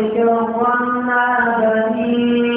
وذكرا بني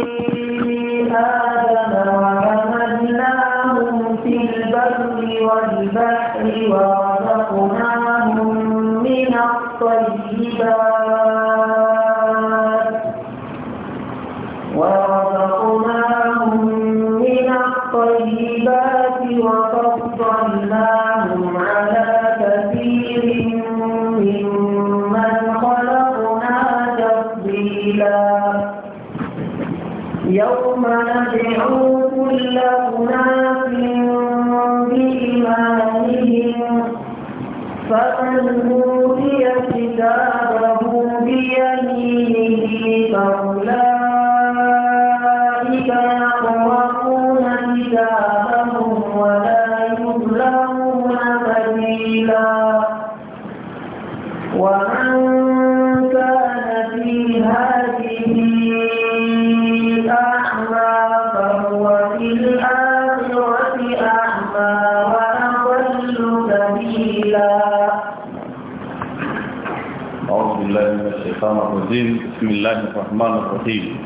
الرحيم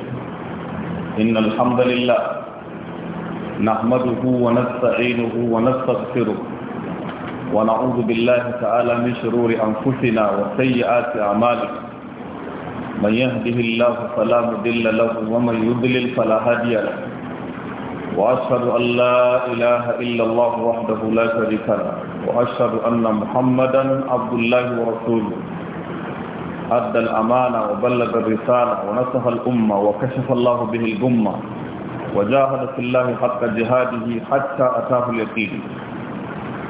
إن الحمد لله نحمده ونستعينه ونستغفره ونعوذ بالله تعالى من شرور أنفسنا وسيئات أعمالنا من يهده الله فلا مضل له ومن يضلل فلا هادي له وأشهد أن لا إله إلا الله وحده لا شريك له وأشهد أن محمدا عبد الله ورسوله أدى الأمانة وبلغ الرسالة ونصح الأمة وكشف الله به الأمة وجاهد في الله حق جهاده حتى أتاه اليقين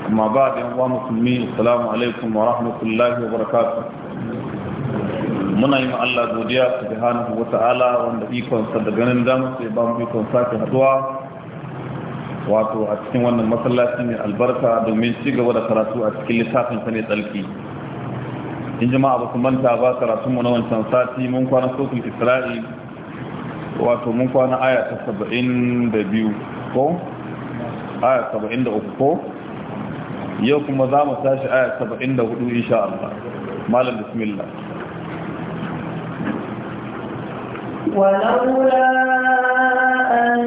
أما بعد أخوة مسلمين السلام عليكم ورحمة الله وبركاته muna yi Allah godiya subhanahu wa ta'ala wanda ikon sa ganin damar sai ba mu ikon sake haduwa wato a cikin wannan masallaci ne albarka domin ci gaba da karatu a cikin littafin sa ne in jama'a ba ku manta ba karatun mu na wancan sati mun kwana sokin isra'i wato mun kwana aya ta saba'in da biyu ko aya saba'in da uku ko yau kuma za mu tashi aya saba'in da hudu insha Allah malam bismillah ولولا أن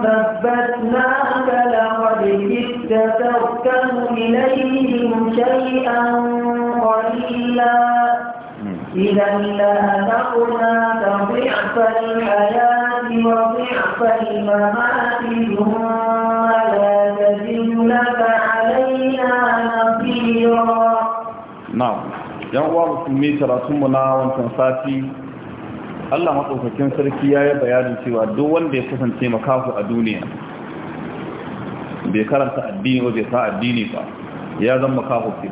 ثبتناك لقد جئت تتركن إليهم شيئا قليلا إذا لأذقنا ضعف الحياة وضعف الممات ثم لا تجد لك علينا نصيرا نعم yan uwa musulmi karatunmu na wancan sati Allah matsaukakin sarki ya yi bayanin cewa duk wanda ya kasance makafu a duniya bai karanta addini ba bai sa addini ba ya zan makahu ce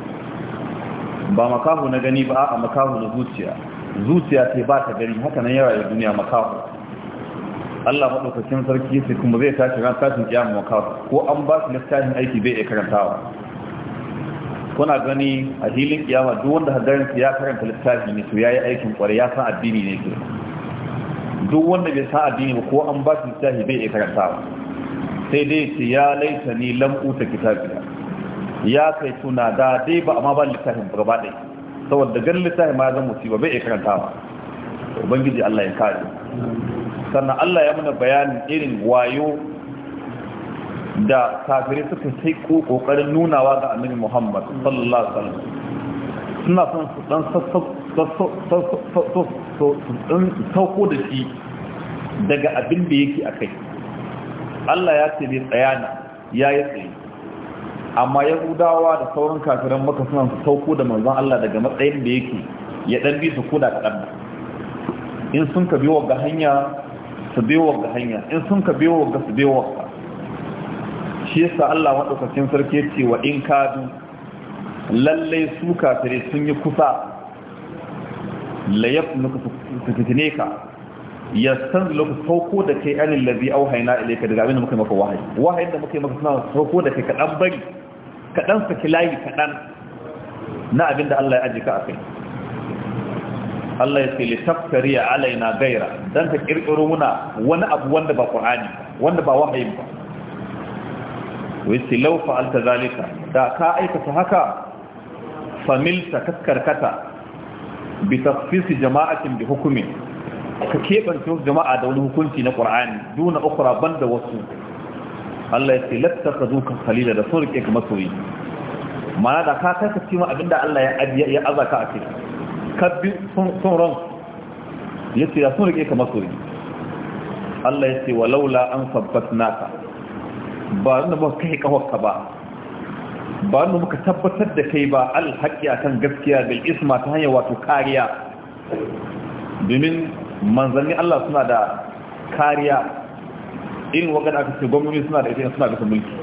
ba makahu na gani ba a makahu na zuciya zuciya ce ba ta gani haka nan yawa ya duniya makahu Allah maɗaukakin sarki sai kuma zai tashi ran tashin kiyama makahu ko an ba shi littafin aiki bai iya karantawa kuna gani a hilin kiyama duk wanda hadarin ya karanta littafi ne to yayi aikin kware ya san addini ne ke duk wanda bai san addini ba ko an ba su littafi bai iya karantawa sai dai ce ya laita ni ta uta ya kai tuna da dai ba amma ba littafin gaba ɗaya saboda ganin littafin ma zan musiba bai iya ba ubangiji Allah ya kare sannan Allah ya muna bayanin irin wayo da kafirai suka sai kokarin nunawa ga annabi Muhammad sallallahu alaihi wasallam suna son su dan sassa da shi daga abin da yake a kai Allah ya ce bai tsayana ya yi tsaye amma yahudawa da sauran kafiran maka suna su sauko da manzon Allah daga matsayin da yake ya dan bi su koda kaɗan in sun ka biyo ga hanya su biyo ga hanya in sun ka biyo ga su biyo ga shi yasa Allah madaukakin sarki ya ce wa in kadu lallai su kafire sun yi kusa la nuka su fitine ka yastanzilu sauko da kai anil ladhi auhayna ilayka daga abin da muka maka wahayi wahayin da muka maka suna sauko da kai kadan bari kadan saki layi kadan na abin da Allah ya ajika akai Allah ya ce litaftari alaina gaira dan ka kirkiro muna wani abu wanda ba qur'ani wanda ba wahayin ba wace law fa'alta zalika da ka aikata haka familta kaskarkata bi tafsisi jama'atin bi hukumin ka keɓance wasu jama'a da wani hukunci na ƙur'ani duna ukura ban da wasu Allah ya ce latta ka zuka Khalila da sun rike ka masoyi mana da ka kai ka cima abinda Allah ya aza ka azaka a kai ka bi sun ran ya ce da sun rike ka masoyi Allah ya ce laula an sabbatnaka ba wanda ba kai kawarka ba ba wanda muka tabbatar da kai ba alhaƙi akan gaskiya bil isma ta hanyar wato kariya domin manzanni Allah suna da kariya irin wagan aka ce gwamnati suna da ita suna da mulki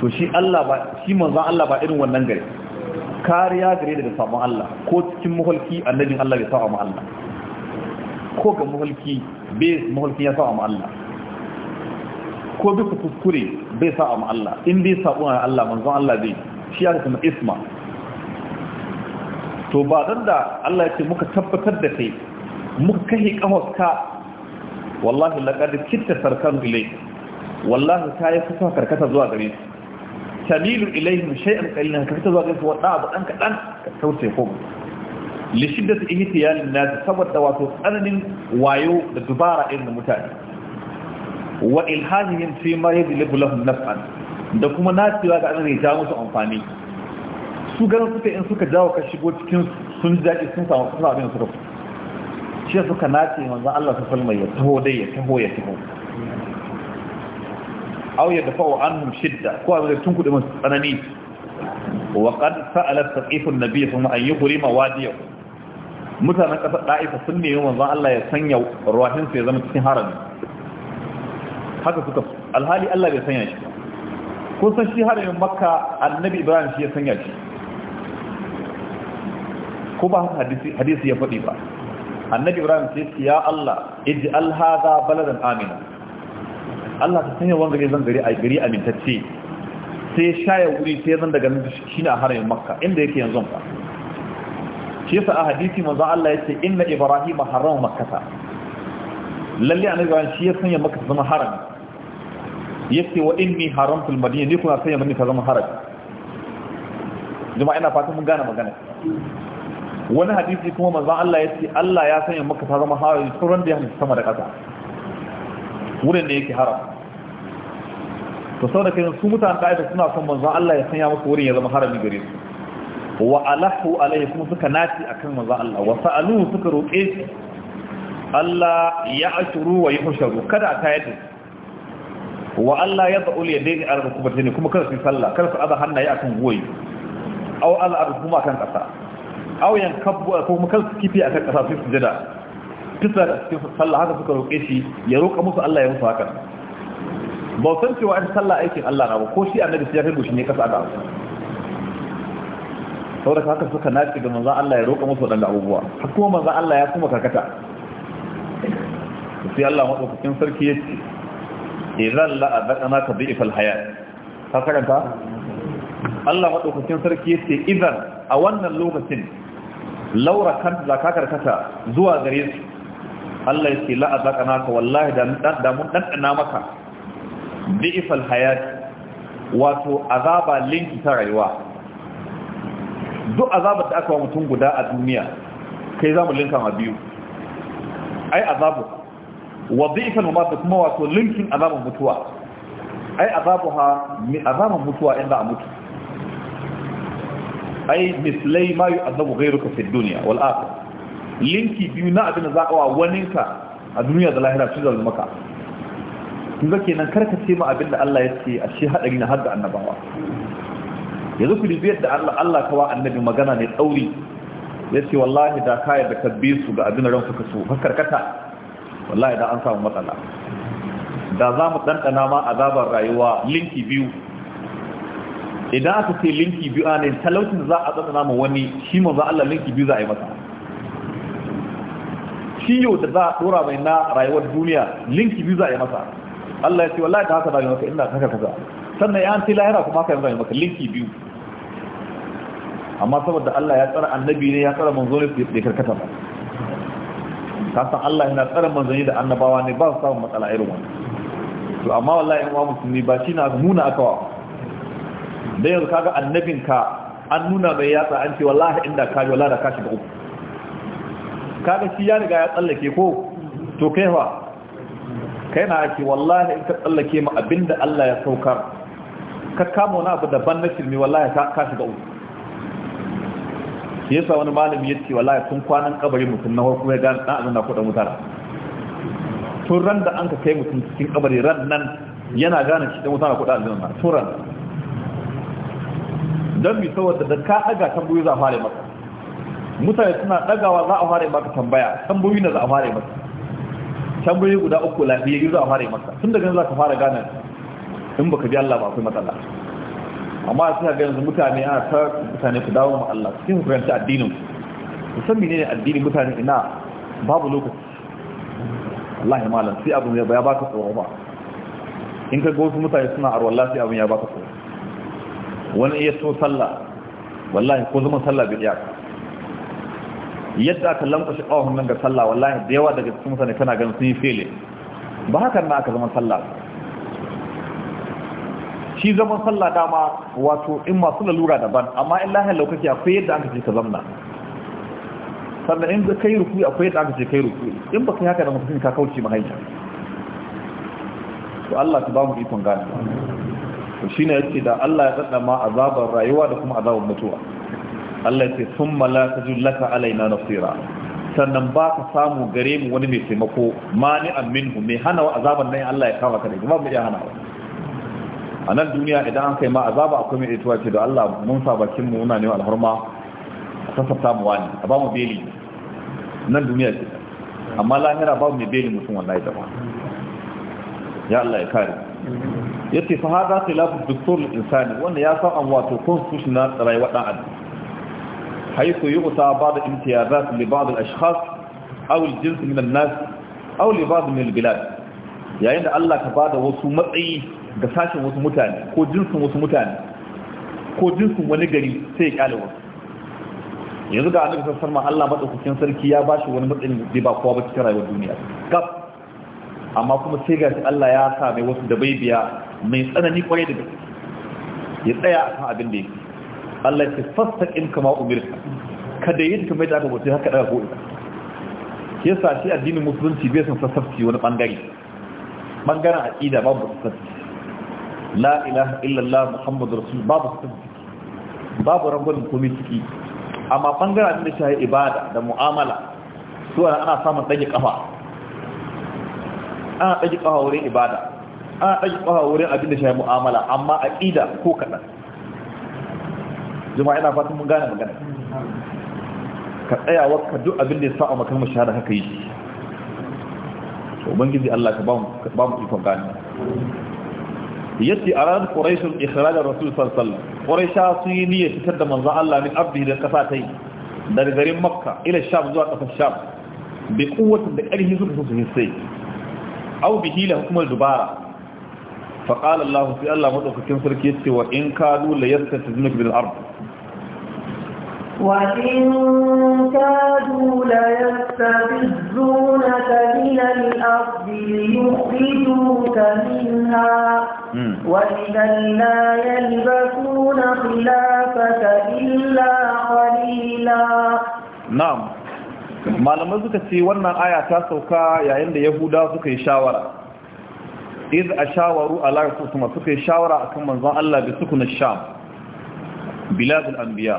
to shi Allah ba shi manzan Allah ba irin wannan gare kariya gare da sabon Allah ko cikin muhalki annabin Allah ya saba ma Allah ko ga muhalki bai muhalki ya saba ma Allah ko bisa kuskure bai saba ma Allah in dai sabo na Allah manzan Allah bai shi ya kuma isma to ba dan da Allah ya ce muka tabbatar da kai muka kashe kahoska wallahi laqad kitta Sarkar ilayhi wallahi ta yi kusa karkata zuwa gare su tamilu ilayhim shay'an qalilan karkata zuwa gare su wadda abu dan kadan ka kauce ko li shiddati ihtiyalin nas saboda wato tsananin wayo da dubara irin mutane wa ilhanihim fi ma yadlibu lahum naf'an da kuma nacewa ga annabi ta musu amfani su garin suka in suka jawo ka shigo cikin sun jaji sun samu abin su shi suka nace manzon Allah ta salma ya taho dai ya taho ya taho aw ya dafa'u anhum shidda ko azai tun kudi mun tsanani wa qad sa'ala taqifun nabiy kuma an yuhrima wadiyahu mutanen kasar da'ifa sun nemi manzon Allah ya sanya ruwahin ya zama cikin harami haka suka alhali Allah bai sanya shi kun san shi haramin makka annabi ibrahim shi ya sanya shi ko ba hadisi ya faɗi ba annabi ibrahim ce ya Allah ij'al hadha baladan amina Allah ta sanya wanda zan gari a gari amintacce sai shaya wuri sai zan daga nan shine a haramin makka inda yake yanzu ka shi yasa a hadisi manzo Allah yace inna ibrahim harama makkata lalle annabi ibrahim shi ya sanya makka zama harami yace wa inni haramtul madina ni kuma sanya manni ta zama harami jama'a ina fatan mun gane magana wani hadisi kuma manzan Allah ya ce Allah ya sanya maka ta zama haram tsoron da ya halitta sama da ƙasa wurin da yake haram to sau da kai su mutane ɗa'ida suna son manzan Allah ya sanya maka wurin ya zama harami gare su wa alahu alaihi kuma suka naci akan manzan Allah wa sa'aluhu suka roƙe shi Allah ya ashuru wa yuhsharu kada a ta yadda wa Allah ya ba'ul yadayni ala rukubatayn kuma kada su yi sallah kada su aza hannaye akan goyi aw ala rukuma kan ƙasa auyan kabbu ko kuma kansu kifi akan kasa su sujada kisa da cikin sallah haka suka roƙe shi ya roƙa musu Allah ya musu haka ba san cewa an sallah aikin Allah na ba ko shi annabi sai ya kai goshi ne kasa da saboda haka suka naci ga manzon Allah ya roƙa musu wadannan abubuwa har kuma manzon Allah ya kuma karkata sai Allah madaukakin sarki ya ce idan la abana ka bi fil hayat ka karanta Allah madaukakin sarki ya ce idan a wannan lokacin laura kan zakakar kata zuwa gare su Allah ya ce la azaka naka wallahi da mun ɗanɗana maka bi'ifal hayat wato azaba linki ta rayuwa duk azabar da aka wa mutum guda a duniya kai za mu linka ma biyu ai azabu wa dhifan wa mata kuma wato linkin azabin mutuwa ai azabu ha mi azabin mutuwa inda a mutu ai mislai ma yu'adabu ghayruka fi dunya wal aka? linki biyu na abin da za a wa waninka a duniya da lahira shi zalma maka Tun ga kenan karka ce ma abin da Allah ya ce a shi haɗari na hadda annabawa yanzu ku dubi yadda Allah Allah kawa annabi magana ne tsauri ya ce wallahi da kayar da kabbi su ga abin ran suka so karkata wallahi da an samu matsala da za mu ɗanɗana ma azabar rayuwa linki biyu idan aka ce linki biyu a ne talaucin za a tsantsana ma wani shi ma za Allah linki biyu za a yi masa ciyo da za a dora mai na rayuwar duniya linki biyu za a yi masa Allah ya ce wallahi da haka da maka ina haka kaza sannan ya ce lahira kuma haka yi maka linki biyu amma saboda Allah ya tsara annabi ne ya tsara manzo ne bai karkata ba ka san Allah yana tsara ne da annabawa ne ba su samun matsala irin wannan to amma wallahi in wa musulmi ba shi na muna akawa da yanzu kaga annabinka an nuna mai yatsa an ce wallahi inda ka ji wallahi da kashi shiga uku kaga shi ya riga ya tsallake ko to kai fa kai na ce wallahi in ka tsallake ma abinda Allah ya saukar ka kama wani abu daban na shirme wallahi ka da uku yasa wani malami ya ce wallahi sun kwanan kabari mutum na hukuma ya gane dan abin na kuɗin mutara tun ran da an ka kai mutum cikin kabari ran nan yana gane shi dan mutara kuɗin na tun ran don bi saboda da ka daga tambayoyi za a fara maka mutane suna dagawa za a fara maka tambaya tambayoyi na za a fara maka tambayoyi guda uku lafiyayyu za a fara maka tun daga nan za ka fara gane in baka bi Allah ba akwai matsala amma a ga ganin mutane ana ta mutane ku dawo ma Allah cikin fahimta addinin ku san menene addini mutane ina babu lokaci ya malam sai abun ya baka tsoro ba in ka ga wasu mutane suna arwallah sai abun ya baka tsoro wani iya so sallah wallahi ko zama sallah bai yaka? yadda aka lankwashe ƙawahun nan ga sallah wallahi da yawa daga cikin mutane kana ganin sun yi fele ba hakan na aka zama sallah shi zaman sallah dama wato in masu lalura daban amma in lahiyar lokaci akwai yadda aka ce ka zamna sannan in ka kai rukui akwai yadda aka ce kai rukui in ba ka yi haka da mutum ka kauce mahaifa to Allah ta ba mu ikon gane to shine yace da Allah ya tsada ma azabar rayuwa da kuma azabar mutuwa Allah ya yace thumma la tajullaka alaina nasira sannan ba ka samu gare mu wani mai taimako mani minhu mai hana wa azaban nan Allah ya kama ka da ba mu iya hana wa a nan duniya idan an kai ma azaba akwai mai ituwa ce da Allah mun sa bakin mu muna neman alhurma a sassafta mu wani a ba mu beli nan duniya ce amma lahira ba mu mai beli mutum wallahi da ba ya Allah ya kare ya ce fahaza khilafu doktor insani wanda ya san wato constitution na rayuwa dan adam haiku yi ta ba da imtiyazat li ba'd al-ashkhas aw al-jins min an-nas aw li ba'd min al-bilad yayin da Allah ka bada wasu matsayi ga sashen wasu mutane ko jinsin wasu mutane ko jinsin wani gari sai ya kyale wasu yanzu ga annabi sallallahu alaihi wasallam Allah madaukakin sarki ya bashi wani matsayin da ba kowa ba cikin rayuwar duniya kaf amma kuma sai ga shi Allah ya sa mai wasu da biya mai tsanani kwarai da gaske ya tsaya akan abin da yake Allah ya ce fastaqim kama umirta kada yin kamar da aka wuce haka daga ko yasa shi addinin musulunci bai san sassafci wani bangare bangaren aqida babu sassafci la ilaha illallah muhammadur rasul babu sassafci babu rangon komai ciki amma bangaren da shi ibada da mu'amala su ana samun dage kafa ana ɗage ƙafa wurin ibada ana ɗage ƙafa wurin abinda da shi mu'amala amma a ƙida ko kaɗan jama'a ina fatan mun gane magana ka tsaya wakka duk abin da ya sa'a makalmar shahada haka yi ubangiji Allah ka ba mu ikon gani yace a ranar quraishul ikhrajar rasul sallallahu alaihi sun yi niyyar fitar da manzan Allah min abdi da kasa tai daga garin makka ila sham zuwa kasar sham bi kuwatin da ƙarfi suka sun su hisse aw bihi la hukumar dubara fa qala Allah fi Allah madaukakin sarki yace wa in kadu la yastatizunka bil ard wa in kadu la yastatizunka min al ard yukhrijuka minha wa idan la yalbasuna khilafaka illa qalila na'am malamai suka ce wannan aya ta sauka yayin da yahuda suka yi shawara iz a shawaru ala rasulullah suka yi shawara akan manzan Allah bi na sham biladul anbiya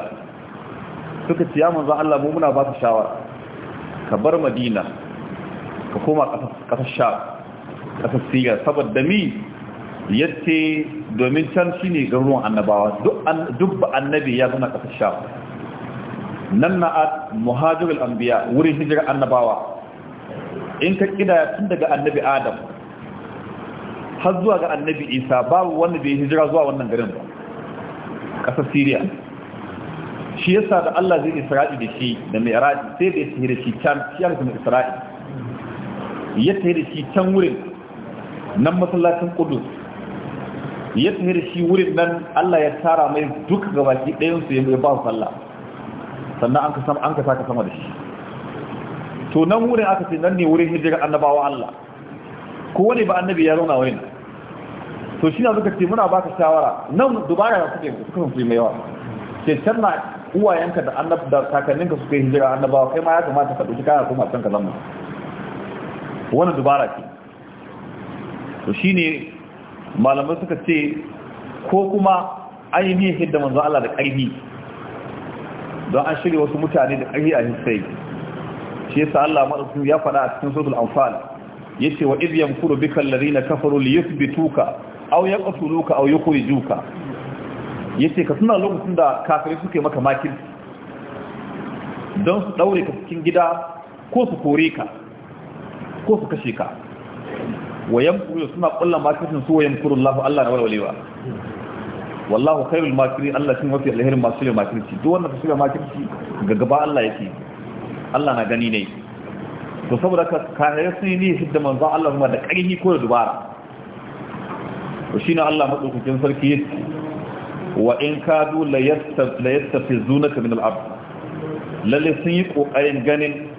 suka ce ya manzon Allah mu muna ba ta shawara ka bar madina ka koma kasar sham kasar siga saboda mi yace domin can shine garuruwan annabawa duk duk annabi ya zama kasar sham nan na na'at muhajirul anbiya wurin hijira annabawa in ka kidaya tun daga annabi adam har zuwa ga annabi isa babu wanda bai hijira zuwa wannan garin ba kasar syria shi yasa da allah zai isra'i da shi da mai ra'i sai da ya tafi da shi can shi yasa mai isra'i ya tafi da shi can wurin nan masallacin kudus ya tafi da shi wurin nan allah ya tara mai duk gabaki ɗayansu ya ba su sallah sannan an ka sama an ka saka sama da shi to nan wurin aka ce nan ne wurin hijira annabawa Allah ko wani ba annabi ya zauna wurin to shi na zaka ce muna baka shawara nan dubara ya suke suka fi mai yawa ce can na uwayenka da annab da kakanninka suka yi hijira annabawa kai ma ya kamata ka dauki kana kuma san ka zama wannan dubara ce to shi ne malamai suka ce ko kuma ainihin hidda manzo Allah da ƙarfi don an shirya wasu mutane da ƙarfi a hisai shi yasa Allah madaukakin ya faɗa a cikin amfani. Ya ce wa idh yamkuru bika alladhina kafaru liyuthbituka aw yaqtuluka aw yukhrijuka yace ka suna lokacin da kafirai suke maka makin don su daure ka cikin gida ko su kore ka ko su kashe ka wa yamkuru suna kullu makirin su wa yamkuru Allah Allah na walwalewa wallahu khairul makiri Allah shi mafi alherin masu shirya makirci duk wanda ka shirya makirci ga gaba Allah yake Allah na gani ne to saboda ka kare su ne hidda manzo Allah kuma da ƙarfi ko da dubara to shine Allah madaukakin sarki wa in kadu la yastaf la yastafizunaka min al-ard lalle sun yi kokarin ganin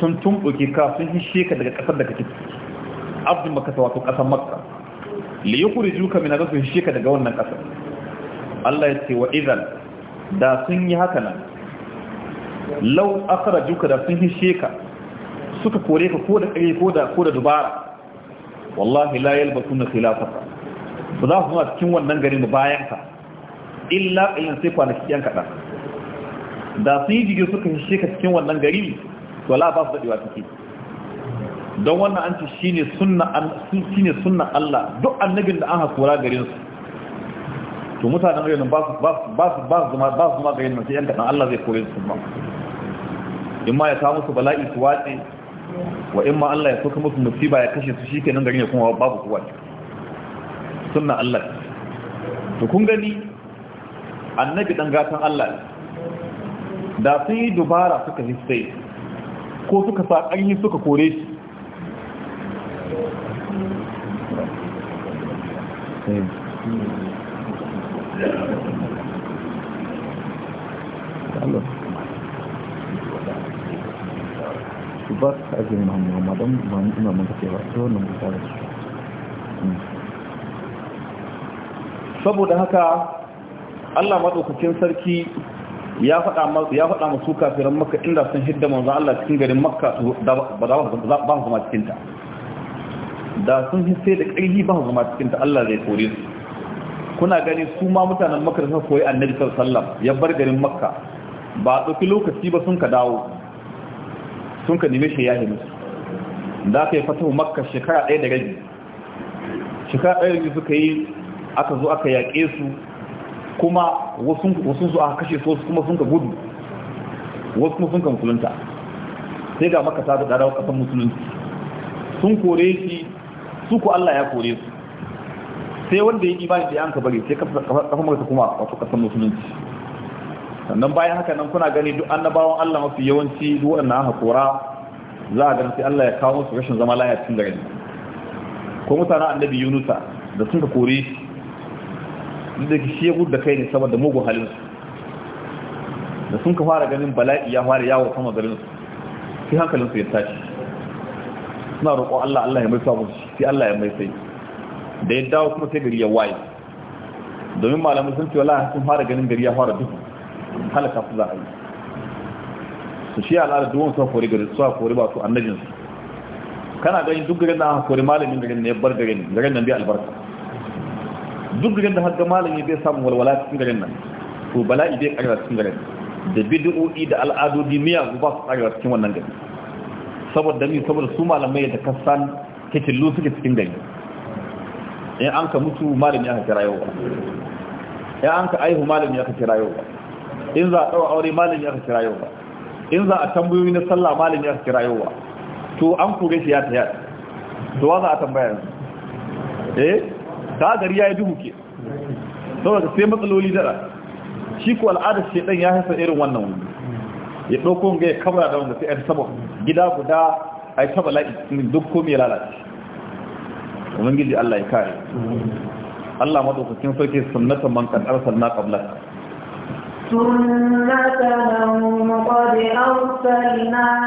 sun tumbuke ka sun hishe ka daga kasar da kake abdu makka wato kasar makka li yukhrijuka min al-ard hishe ka daga wannan kasar Allah ya ce wa idan da sun yi haka nan lau akara juka da sun hishe ka suka kore ka ko da kare ko da ko da dubara wallahi la yalbasuna khilafaka ba za su zama cikin wannan garin bayan ka illa ilin sai kwanaki yan kaɗan da sun yi jigin suka hishe ka cikin wannan gari to la ba su daɗewa ciki don wannan an ce shine sunna Allah duk annabin da an hakura garin su to mutanen yau ba su ma ga yin mace yan Allah zai kore su ba in ma ya kawo musu bala'i su watse wa in ma Allah ya soka musu musiba ya kashe su nan garin ya kuma babu kuwa na Allah to kun gani annabi dan gatan Allah da sun yi dubara suka hissai ko suka sa ƙarni suka kore shi Thank eh. you. ba su amma don ina mun ba wannan saboda haka Allah maɗaukakin sarki ya faɗa masu kafiran maka inda sun hidda manzan Allah cikin garin makka ba za zama cikinta da sun hisse da ƙarfi ba zama cikinta Allah zai kore su kuna gani su ma mutanen makka sun koyi annabi sallallahu alaihi wasallam ya bar garin makka ba ɗauki lokaci ba sun ka dawo sun ka nime shi yahi musu da aka yi fatahu makka shekara ɗaya da rabi shekara ɗaya da suka yi aka zo aka yaƙe su kuma wasu su aka kashe su kuma sun ka gudu wasu kuma sun ka musulunta sai ga makka ta da ƙasar musulunci sun kore shi su ku Allah ya kore su sai wanda ya imani da yanka bari sai kafa mai kuma wato kasan musulunci sannan bayan haka nan kuna gani duk annabawan Allah mafi yawanci duk waɗannan aka kora za a gani sai Allah ya kawo musu rashin zama lafiya cikin gari ko mutanen annabi Yunusa da sun ka kore shi da shi ya gudu da kai ne saboda mugun halin su da sun ka fara ganin bala'i ya fara yawo sama garin su sai hankalin su ya tashi suna roƙo Allah Allah ya mai sa musu sai Allah ya mai sai da ya dawo kuma sai gari ya waye domin malamu sun cewa wala sun fara ganin gari ya fara duhu halaka su za a yi su shi al'adar duwan suwa kori gari suwa kori ba su annabinsu kana ganin duk garin da aka kori malamin garin ne ya bar garin garin nan bai albarka duk garin da haka malami bai samu walwala cikin garin nan to bala'i bai karewa cikin garin da bidu'o'i da al'adodi miyagu ba su karewa cikin wannan gari saboda ni saboda su malamai da kasan kicillu suke cikin gari in an ka mutu malami aka kira yau in an ka aihu malami aka kira yau in za a tsawo aure malami aka kira yau in za a tambayoyi na sallah malami aka kira yau to an kure shi ya ta yada to wa za a tambaya yanzu eh ta gari ya yi duhu ke saboda sai matsaloli dara shi ko al'adar shedan ya hasa irin wannan wuri ya ɗauko ga ya kamar da wanda sai ya saba gida guda a yi saba la'i duk komai lalace ubangiji Allah ya kare Allah madaukakin sarki sunnatan man kan arsalna qablaka سنتهم قد أرسلنا قبلك من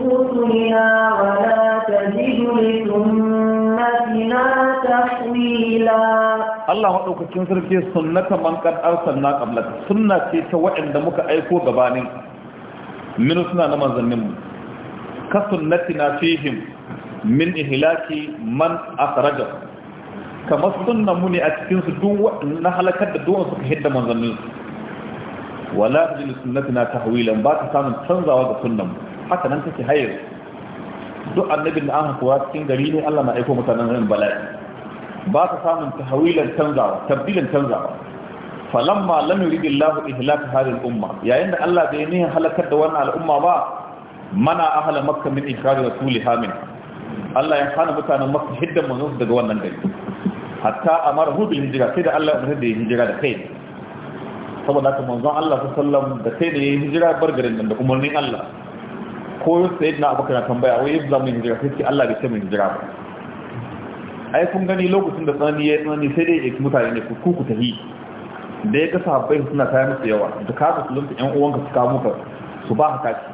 رسلنا ولا تجد لسنتنا تحويلا Allah maɗaukakin sarki sunnata man kan arsalna qablaka sunna ce ta waɗanda muka aiko gabanin min suna na manzannin mu ka sunnatina fihim min ihlaki man akhraja kamar sunna muni a cikin su duk na halakar da duk suka hidda manzannin su wala tajil sunnatina tahwilan ba ta samun canzawa da sunnan haka nan take hayar duk annabin da an hakuwa cikin gari ne Allah na aiko mutanen ran bala'i ba ta samun tahwilan canzawa tabdilan canzawa falamma lam yurid Allah ihlak hadhihi al-umma yayin da Allah bai nihin halakar da wannan al'umma ba mana ahla makka min ikhraj rasuliha minha Allah ya hana mutanen masu hidda manzon daga wannan gari hatta amara hu bil hijira sai da Allah ya umarni da hijira da kai saboda haka manzon Allah sallallahu da kai da yin hijira bar garin nan da umarnin Allah ko sayyidina Abubakar na tambaya wai yadda mun hijira sai Allah ya ce mun hijira ba ai kun gani lokacin da tsanani ya tsanani sai dai yake mutane ne ku ku tafi. da ya ga sahabbai suna kaya musu yawa da ka musulunta ƴan uwanka su kawo muka su ba ka kaci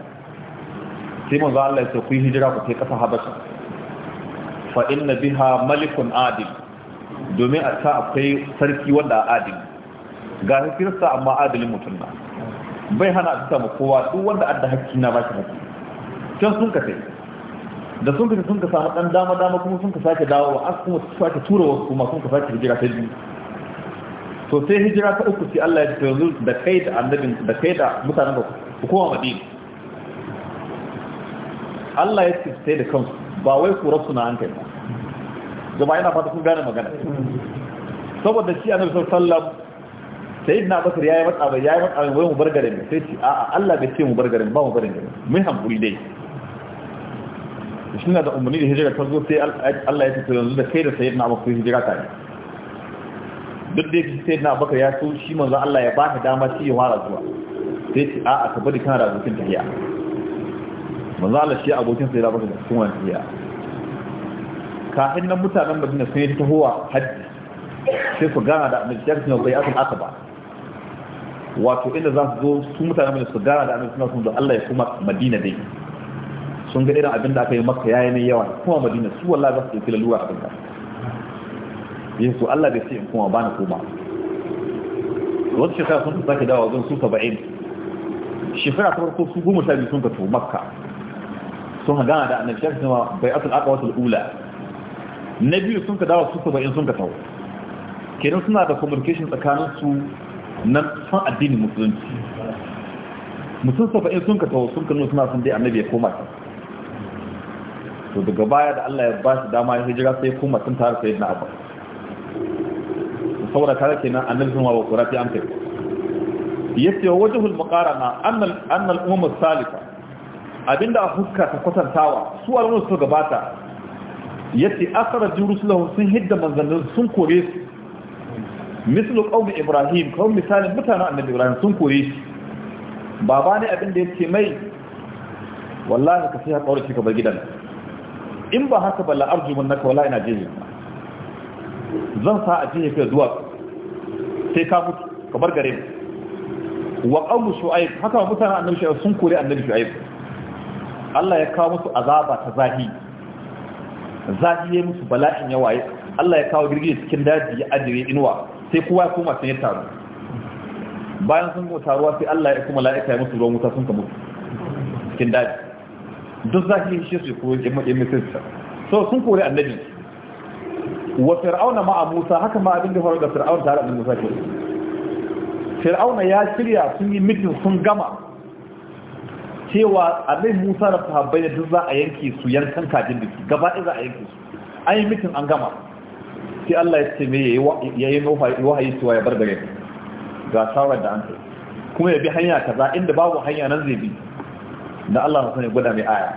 sai manzo Allah ya ce ku hijira ku kai kasa Habasha fa inna biha malikun adil domin a ta akwai sarki wanda adil ga hakirsa amma adalin mutum na bai hana a samu kowa duk wanda adda hakki na ba shi can sun kafe da sun kafe sun ka samu dan dama dama kuma sun ka sake dawo an kuma sake tura wasu kuma sun ka sake hijira ta biyu to sai hijira ta uku sai Allah ya ji yanzu da kai da annabi da kai da mutanen ku koma Madina Allah ya ce sai da kansu ba wai kurar suna an kai ba yana fata kun gane magana saboda shi annabi sallallahu sai na basir yi matsa bai yi matsa bai mu bar garin sai ce a'a Allah bai ce mu bar garin ba mu bar garin mun hankuri dai shi na da umarni da hijira ta zo sai Allah ya fito yanzu da kai da sayyidina Abu Bakar hijira ta duk da yake sayyidina Abu Bakar ya so shi manzo Allah ya ba ka dama shi ya fara zuwa sai ce a'a ka bari kana da rubutun tahiya manzo Allah shi abokin sai labar da cikin wani iya kafin nan mutanen da Madina sun yi tahowa hajji sai su gana da Annabi Jackson da bai akan aka ba wato inda za su zo su mutanen Madina su gana da Annabi suna da Allah ya kuma Madina dai sun ga irin abin da aka yi maka yi mai yawa kuma Madina su wallahi za su yi laluwa abin da yesu Allah bai ce in kuma bani kuma wata shekara sun sake dawo zan su 70 shekara ta farko su goma sha biyu sun ka to makka sun hagana da annabi shafi sama bai asul aka wasu ula na biyu sun ka dawo su saba'in sun ka tau kenan suna da communication tsakanin su na san addinin musulunci mutum saba'in sun ka tau sun ka nuna suna sun dai annabi ya koma ta to daga baya da Allah ya ba shi dama ya hijira sai ya koma sun tare sai na abu saboda kare kenan annabi sun wa ba kura sai an kai yace wajhul muqarana annal annal umma salika abinda a fuska ta kwatantawa su al'ummar su gabata yace asara jerusalem sun hidda manzannin sun kore su mislu qaumi ibrahim kawai misalin mutanen annabi ibrahim sun kore shi baba ne abinda ya ce mai wallahi ka sai ka kaurace ka bar gidan in ba haka ba la arjumun naka wallahi ina jiya zan sa a jiya kai zuwa sai ka mutu ka bar gare mu wa qawmu shu'aib haka mutanen annabi shu'aib sun kore annabi shu'aib Allah ya kawo musu azaba ta zahi zahi ya musu bala'in yawa Allah ya kawo girgije cikin daji ya ajiye inuwa sai kowa ya koma sun ya taru bayan sun go taruwa sai Allah ya kuma la'ika ya musu ruwan wuta sun ka mutu cikin daji duk zahi ya shi su ko ya sa so sun kore annabi wa fir'auna ma'a Musa haka ma abin da faru da fir'auna tare da Musa ke fir'auna ya shirya sun yi mitin sun gama cewa annabi Musa da sahabbai da duk za a yanke su yankan kajin da gaba ɗaya za a yanke su an yi mitin an gama sai Allah ya ce me ya yi wahayi cewa ya bar da gani ga shawarar da an kai kuma ya bi hanya kaza inda babu hanya nan zai bi da Allah na sani gwada mai aya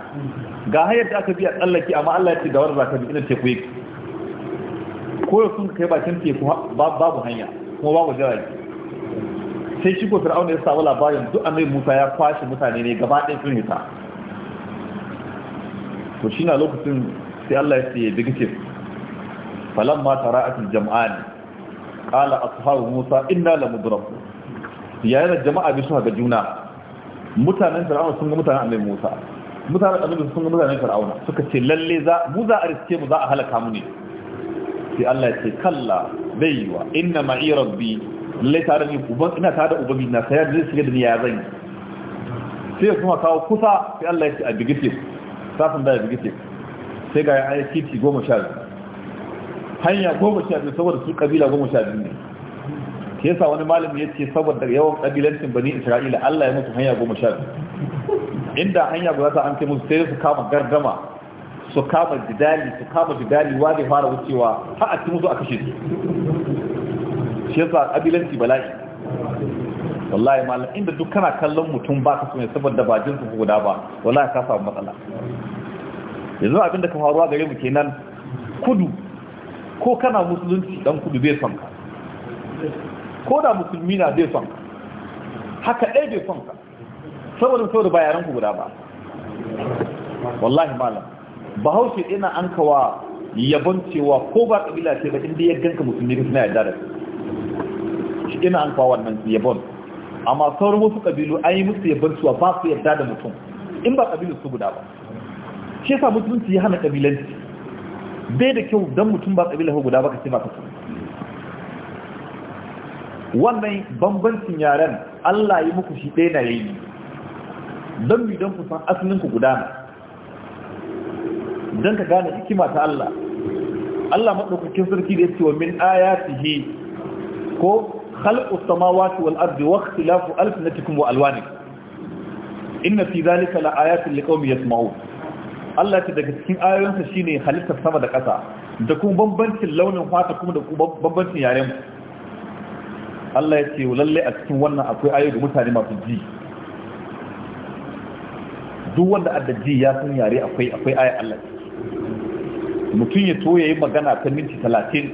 ga hayar da aka bi a tsallake amma Allah ya ce da wanda ka bi ina teku yake ko sun kai bakin teku babu hanya kuma babu jirage sai shi ko fir'auna ya samu labarin duk annabi Musa ya kwashe mutane ne gaba ɗaya sun hita to shi na lokacin sai Allah ya ce ya digike falamma jama'a ne, qala ashabu Musa inna lamudraku yayin da jama'a bi suka ga juna mutanen fir'auna sun ga mutanen annabi Musa mutanen annabi sun ga mutanen fir'auna suka ce lalle za mu za a riske mu za a halaka mu ne sai Allah ya ce kalla baiwa inna ma'i rabbi lallai tare da uban ina tare da ubangi na sayar da shiga da ni ya zan sai kuma kawo kusa sai Allah ya ce a bigitif sasan da ya bigitif sai ga ya titi goma sha biyu hanya goma sha biyu saboda su kabila goma sha biyu ne ke yasa wani malami ya ce saboda yawan kabilancin bani isra'ila Allah ya musu hanya goma sha biyu inda hanya guda ta an kai musu sai su kama gargama, su kama jidali su kama jidali wa zai fara wucewa har a ci musu a kashe su shi yasa kabilanci bala'i wallahi malam inda duk kana kallon mutum ba ka sune saboda ba jinsu guda ba wallahi ka samu matsala yanzu abin da ka faruwa gare mu kenan kudu ko kana musulunci dan kudu bai son ka ko da musulmi na zai son ka haka ɗaya bai son ka saboda saboda ba yaran ku guda ba wallahi malam bahaushe ina an kawa yabon cewa ko ba kabila ce ba inda ya ganka musulmi ka suna yarda da su shi ina an kawo wannan yabon amma sauran wasu kabilu an yi musu yabon suwa ba su yadda da mutum in ba kabilu su guda ba shi yasa musulunci ya hana kabilanci bai da kyau don mutum ba kabila ko guda ba ka ce ba ka so wannan bambancin yaren Allah yi muku shi ɗaya na yayi don mu don ku san asalin ku gudana don ka gane hikima ta Allah Allah maɗaukakin sarki da ya ce wa min ayatihi ko خلق السماوات والأرض واختلاف ألسنتكم وألوانكم إن في ذلك لآيات لقوم يسمعون Allah ce daga cikin ayoyinsa ne halittar sama da ƙasa da kuma bambancin launin fata kuma da kuma bambancin yaren Allah ya ce lallai a cikin wannan akwai ayoyi da mutane masu ji duk wanda adda ji ya san yare akwai akwai aya Allah mutum ya to ya yi magana ta minti talatin,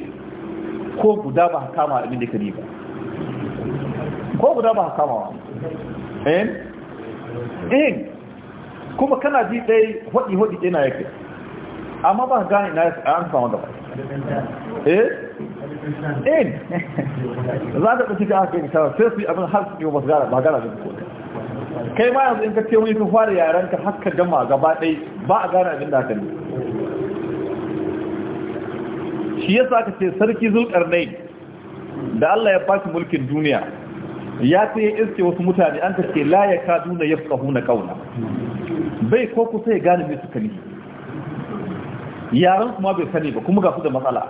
ko guda ba kama abin da kani ba ko guda ba kamawa in eh? in kuma kana ji dai hodi hodi ina yake amma ba gani na an samu da eh in za ka ɗauki ka haka ta sai su yi abin har su yi wasu gara ba gara da ko kai ma yanzu in ka ce wani ka fara yaran ka haka gama gaba dai ba a gane abin da ka ne shi yasa ka ce sarki zulkarnai da Allah ya ba mulkin duniya ya ce iske wasu mutane an ta ce la ya kadu ya tsaho na kauna bai ko kusa ya gane mai suka ne yaran kuma bai sani ba kuma ga su da matsala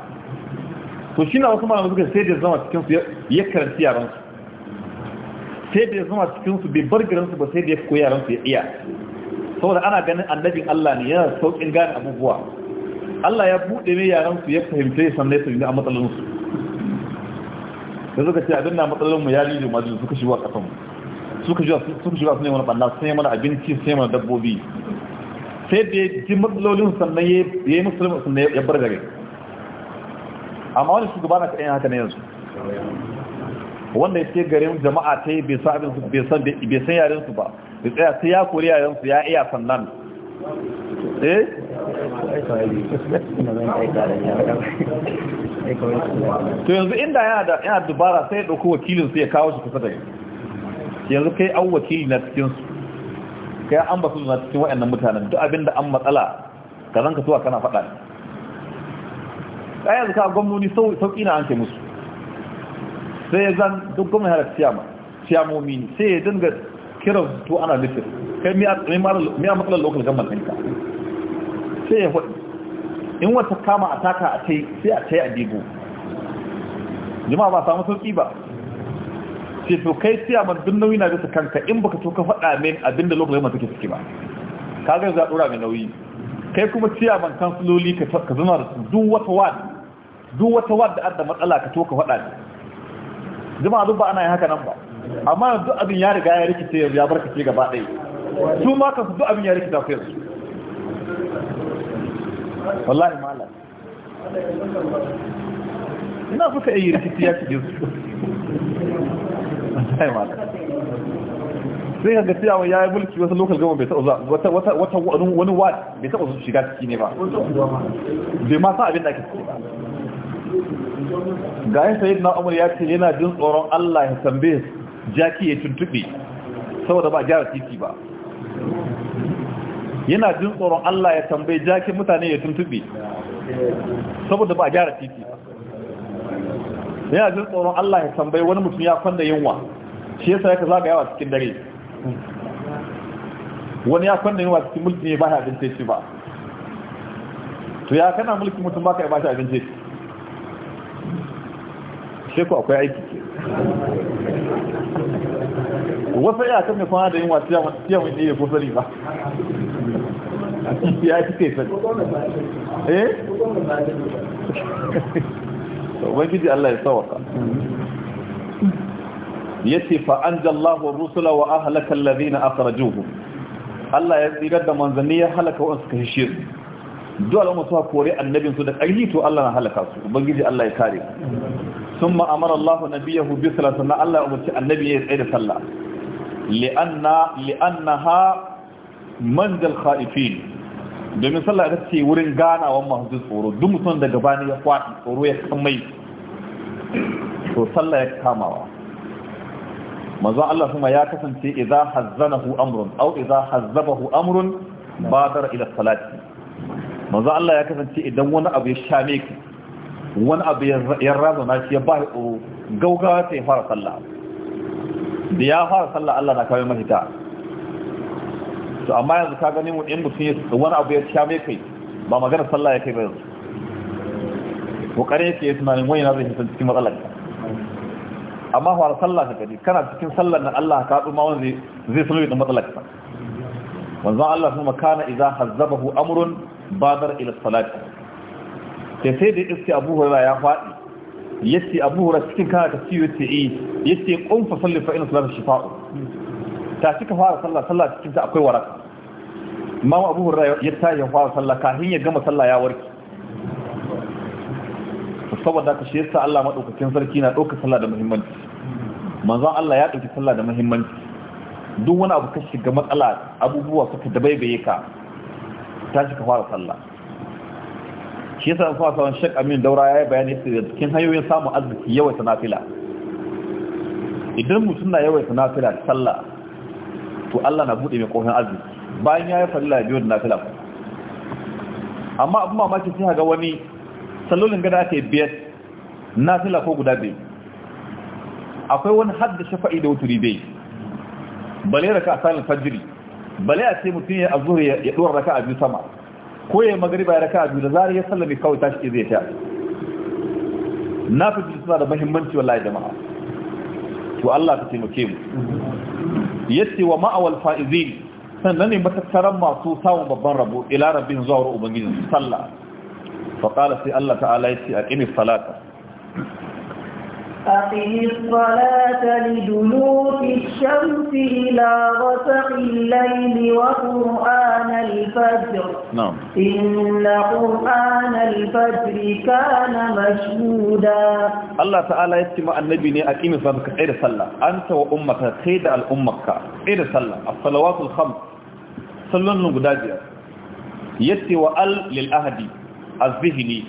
to shi na wasu malamai suka sai da zama cikin su ya karanci yaran su sai da zama cikin su bai bar garin su ba sai da ya koyi yaran su ya iya saboda ana ganin annabin Allah ne yana saukin gane abubuwa Allah ya buɗe mai yaran su ya fahimce sannan ya sanya a matsalolin su da suka ce abin na mu ya lili madu suka shiga kafin suka shiga suka shiga su ne wani ɓanna sai mana abinci sai mana dabbobi sai da ya ji matsalolin sannan ya yi musulmi sannan ya bar gare amma wani shugaba na kaɗan haka na yanzu wanda ya ce garin jama'a ta yi bai san yaren su ba bai tsaya sai ya kori yaren su ya iya sannan Eh? to yanzu inda yana da dubara sai ya dauki wakilin su ya kawo shi kusa da yanzu kai an wakili na cikin su kai an basu na cikin wayannan mutanen duk abinda an matsala ka zan ka zuwa kana faɗa ɗaya zuka gwamnoni sauƙi na hanke musu sai ya zan duk gwamnati har ciyamomi sai ya dinga kiran to ana nufin kai a matsalar lokacin government ɗinka sai ya faɗi in wata kama a taka a tai sai a ce a digo jima ba samu sauƙi ba sai to kai siya man duk nauyi na bisa kanka in baka to ka faɗa min abin da lokacin government take ba ka ga za ɗora mai nauyi kai kuma siya man kansiloli ka zama da duk wata wad duk wata wad da adda matsala ka to ka faɗa ne, jama'a duk ba ana yi haka nan ba amma yanzu abin ya riga ya rikice yanzu ya barkace gaba ɗaya su ma ka su duk abin ya rikita ku yanzu wallahi mala ina suka yi rikici ya ci su wallahi mala sai ka gaskiya wa yayi mulki wasu lokal gama bai taɓa wata wata wata wani wad bai taɓa su shiga ciki ne ba bai ma sa abin da ake ciki ba ga yin na umar ya ce yana jin tsoron Allah ya tambaye su jaki ya tuntube saboda ba gyara titi ba yana jin tsoron Allah ya tambaye jakin mutane ya tuntube saboda ba gyara titi yana jin tsoron Allah ya tambaye wani mutum ya kwanda yunwa shi yasa yaka zaga yawa cikin dare wani ya kwanda yunwa cikin mulki ne ba ya abinci shi ba to ya kana mulki mutum ba ka yi ba shi abinci shi ko akwai aiki wasu iya kan mai kwana da yin wasu yawon iya ko sani ba ya yi kai sani eh ubangiji Allah ya sawaka yace fa anjallahu rusula wa ahlaka alladhina akhrajuhum Allah ya tsirar da manzanni ya halaka wa suka hishe su duk al'umma suka kore annabin da ƙarfi to Allah na halaka su ubangiji Allah ya kare sun ma'amara Allah nabiyahu bi sallah sannan Allah ya umarci annabi ya tsaye da sallah li'anna li'annaha manjal khaifin domin sallah ita ce wurin ganawan masu tsoro duk mutum da bani ya kwaɗi tsoro ya kammai to sallah ya kamawa manzon Allah kuma ya kasance idza hazzanahu amrun aw idza hazzabahu amrun badara ila salati manzon Allah ya kasance idan wani abu ya shame ki wani abu ya na shi ya ba gaugawa sai ya fara sallah da ya fara sallah Allah na kawo mahita to amma yanzu ka gani mu in mutum ya wani abu ya sha mai kai ba magana sallah ya kai ba yanzu kokarin yake ya tunanin wani na zai hisan cikin matsalar ka amma fara sallah ka gani kana cikin sallar na Allah ka tsuma wani zai sulhu da matsalar ka wanzan Allah kuma kana idza hazzabahu amrun badar ila salati da sai da iske abu hura ya faɗi yace abu hura cikin kana ta ciwo ce eh yace qum fa salli fa inna salata shifa'u ta cika fara sallah sallah cikin ta akwai waraka mamu abu hura ya tashi ya fara sallah kafin ya gama sallah ya warke saboda ka shi yasa Allah madaukakin sarki na ɗauka sallah da muhimmanci manzan Allah ya ɗauki sallah da muhimmanci duk wani abu ka shiga matsala abubuwa suka dabaibaye ka tashi ka fara sallah shi yasa su aka wani shek amin daura ya yi bayani su cikin hanyoyin samun arziki yawai nafila? idan mutum na yawai sanafila sallah to allah na buɗe mai ƙofin arziki bayan ya yi falila biyu da nafila amma abin mamaki sun haga wani sallolin gada ake biyar nafila ko guda biyu akwai wani hadda shafa'i da wuturi bai bale raka a salin fajiri bale a ce mutum ya azuri ya ɗora raka a biyu sama ko ya magriba raka biyu da zarar ya sallame kawai tashi ke zai ta nafi suna da muhimmanci wallahi jama'a to Allah ta taimake mu yace wa ma'awal faizin sannan ne matattaran masu samun babban rabo ila rabbin zuwa ubangiji sallah fa qala sai Allah ta'ala yace aqimi salata أقم الصلاة لدلوك الشمس إلى غسق الليل وقرآن الفجر نعم إن قرآن الفجر كان مشهودا الله تعالى يتمع النبي ني أقم الصلاة عيد صلى أنت وأمك خيد الأمك عيد صلى الصلوات الخمس صلوا لنقداجيا يتي وأل للأهدي الذهني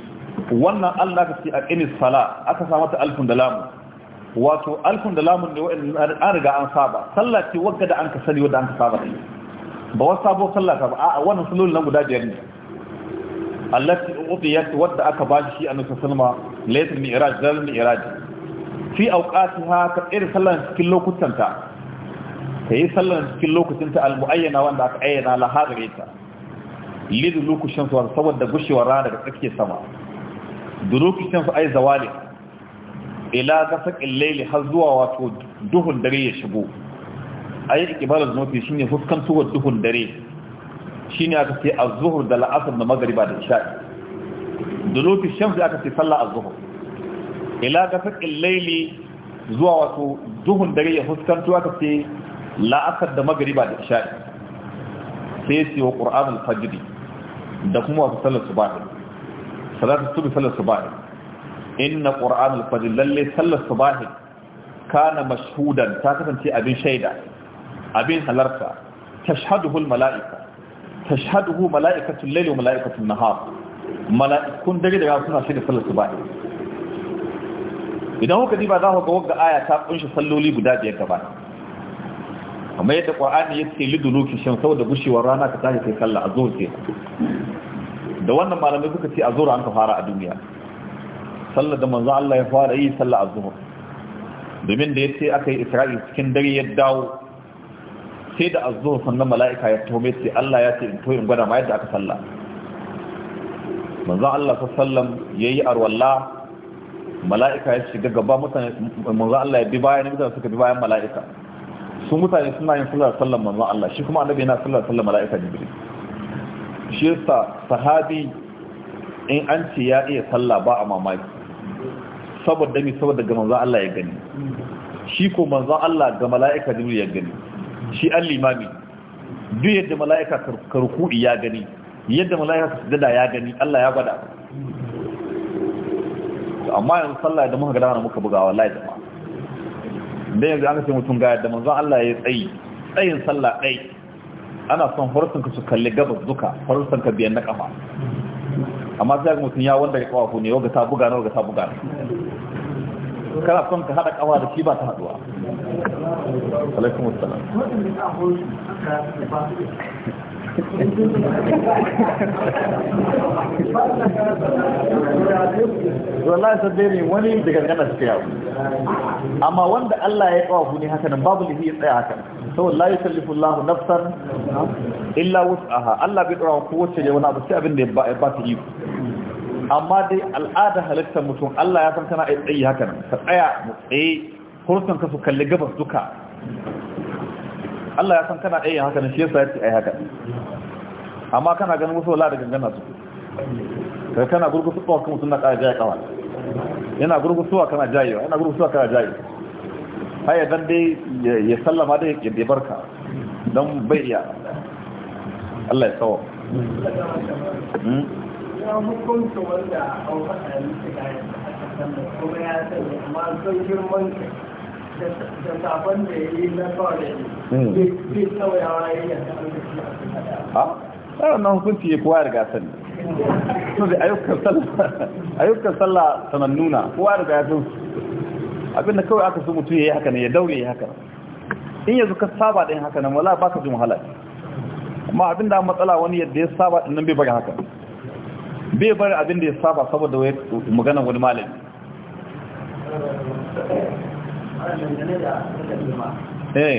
wannan Allah ka ce a ƙinis sala aka samu ta alfun da lamun wato alfun da lamun ne wa'in an riga an saba sallah ce wadda da an ka sani wadda an ka saba ba wasu sabo sallah ta ba a wannan sallolin nan guda biyar ne Allah ce ya ce wadda aka bashi shi annabi sallama laytul Zan dal mi'raj fi ha ka irin sallan cikin lokutan ta yi sallan cikin lokutan ta al muayyana wanda aka ayyana la hadare ta lidu lokushin saboda gushewar rana daga tsakiyar sama duruki shamsu ai zawali ila sakin laili har zuwa wato duhun dare ya shigo ai ikibalul zunubi shine fuskantowar duhun dare shine aka ce az zuhur da al-asr da magriba da isha duruki shamsu aka ce sallah az zuhur ila sakin laili zuwa wato duhun dare ya fuskanto aka ce la'asar da magriba da isha sai sai wa qur'anul fajr da kuma wato sallar subah salatu subhi sallar subahi inna qur'an al-fajr lalle sallar subahi kana mashhudan ta kasance abin shaida abin halarta tashhaduhu al-mala'ika tashhaduhu mala'ikatu al-layli wa mala'ikatu an-nahar mala'ikun dare da suna shaida sallar subahi idan kuka diba za ku ga wagga aya ta kunshi salloli guda biyar gaba kamar yadda qur'ani yake liduluki shan saboda gushewar rana ka tashi sai sallah azhur ke da wannan malamai suka ce a zura an ka fara a duniya sallar da manzo Allah ya fara yi sallar azhur domin da ya ce aka yi cikin dare ya dawo sai da azhur sannan mala'ika ya tome sai Allah ya ce in to in gwada ma yadda aka sallah manzo Allah sallam yayi arwalla mala'ika ya shiga gaba mutane manzo Allah ya bi bayan mutane suka bi bayan mala'ika Sun mutane suna yin sallar sallar manzo Allah shi kuma annabi yana sallar sallar mala'ika jibril shi yasa sahabi in an ce ya iya sallah ba a mamaki saboda mi saboda ga manzon Allah ya gani shi ko manzon Allah ga mala'ika jibril ya gani shi al limami duk yadda mala'ika karku ya gani yadda mala'ika sujada ya gani Allah ya gwada amma yanzu sallah da muka gada muka buga wallahi jama'a dan yanzu an ce mutum ga yadda manzon Allah ya tsayi tsayin sallah dai ana son farsunka su kalli gabas duka farsunka biyan na kafa amma sai mutum ya wanda ya kawo ne waga ta buga na waga ta buga na kana son ka hada kawa da shi ba ta haduwa alaikum assalam wallahi dai ne wani da gangana su yawo amma wanda Allah ya kawo ne haka nan babu lihi ya tsaya haka Allah ya yusallifu Allah nafsan illa wasu aha, Allah bai dora kowace ne wani abu sai abin da ya ba ta yi amma dai al'ada halittar mutum Allah ya san kana ai tsayi haka nan ka tsaya mu tsaye kursun ka su kalli gabas duka Allah ya san kana ɗaya haka nan shi yasa ya ce ai haka amma kana ganin wasu wala da gangana su kai kana gurgusu tsawa kuma suna ƙara jaya kawa yana gurgusuwa kana jayewa yana gurgusuwa kana jayewa har ya dan dai ya sallama dai ya bai barka don bai iya Allah ya tsawo hmm? ya a a yi tsawayawa yi a tsarar nan hukunci ya kowa riga sani su da ayyukan sallah sanan nuna kowa riga ya sun abinda kawai aka su mutu ya yi haka ne ya daure ya haka in yanzu ka saba da yin haka nan wala ba ka ji muhala, amma abinda matsala wani yadda ya saba din nan bai bari haka bai bari abinda ya saba saboda magana wani malami Eh. Eh.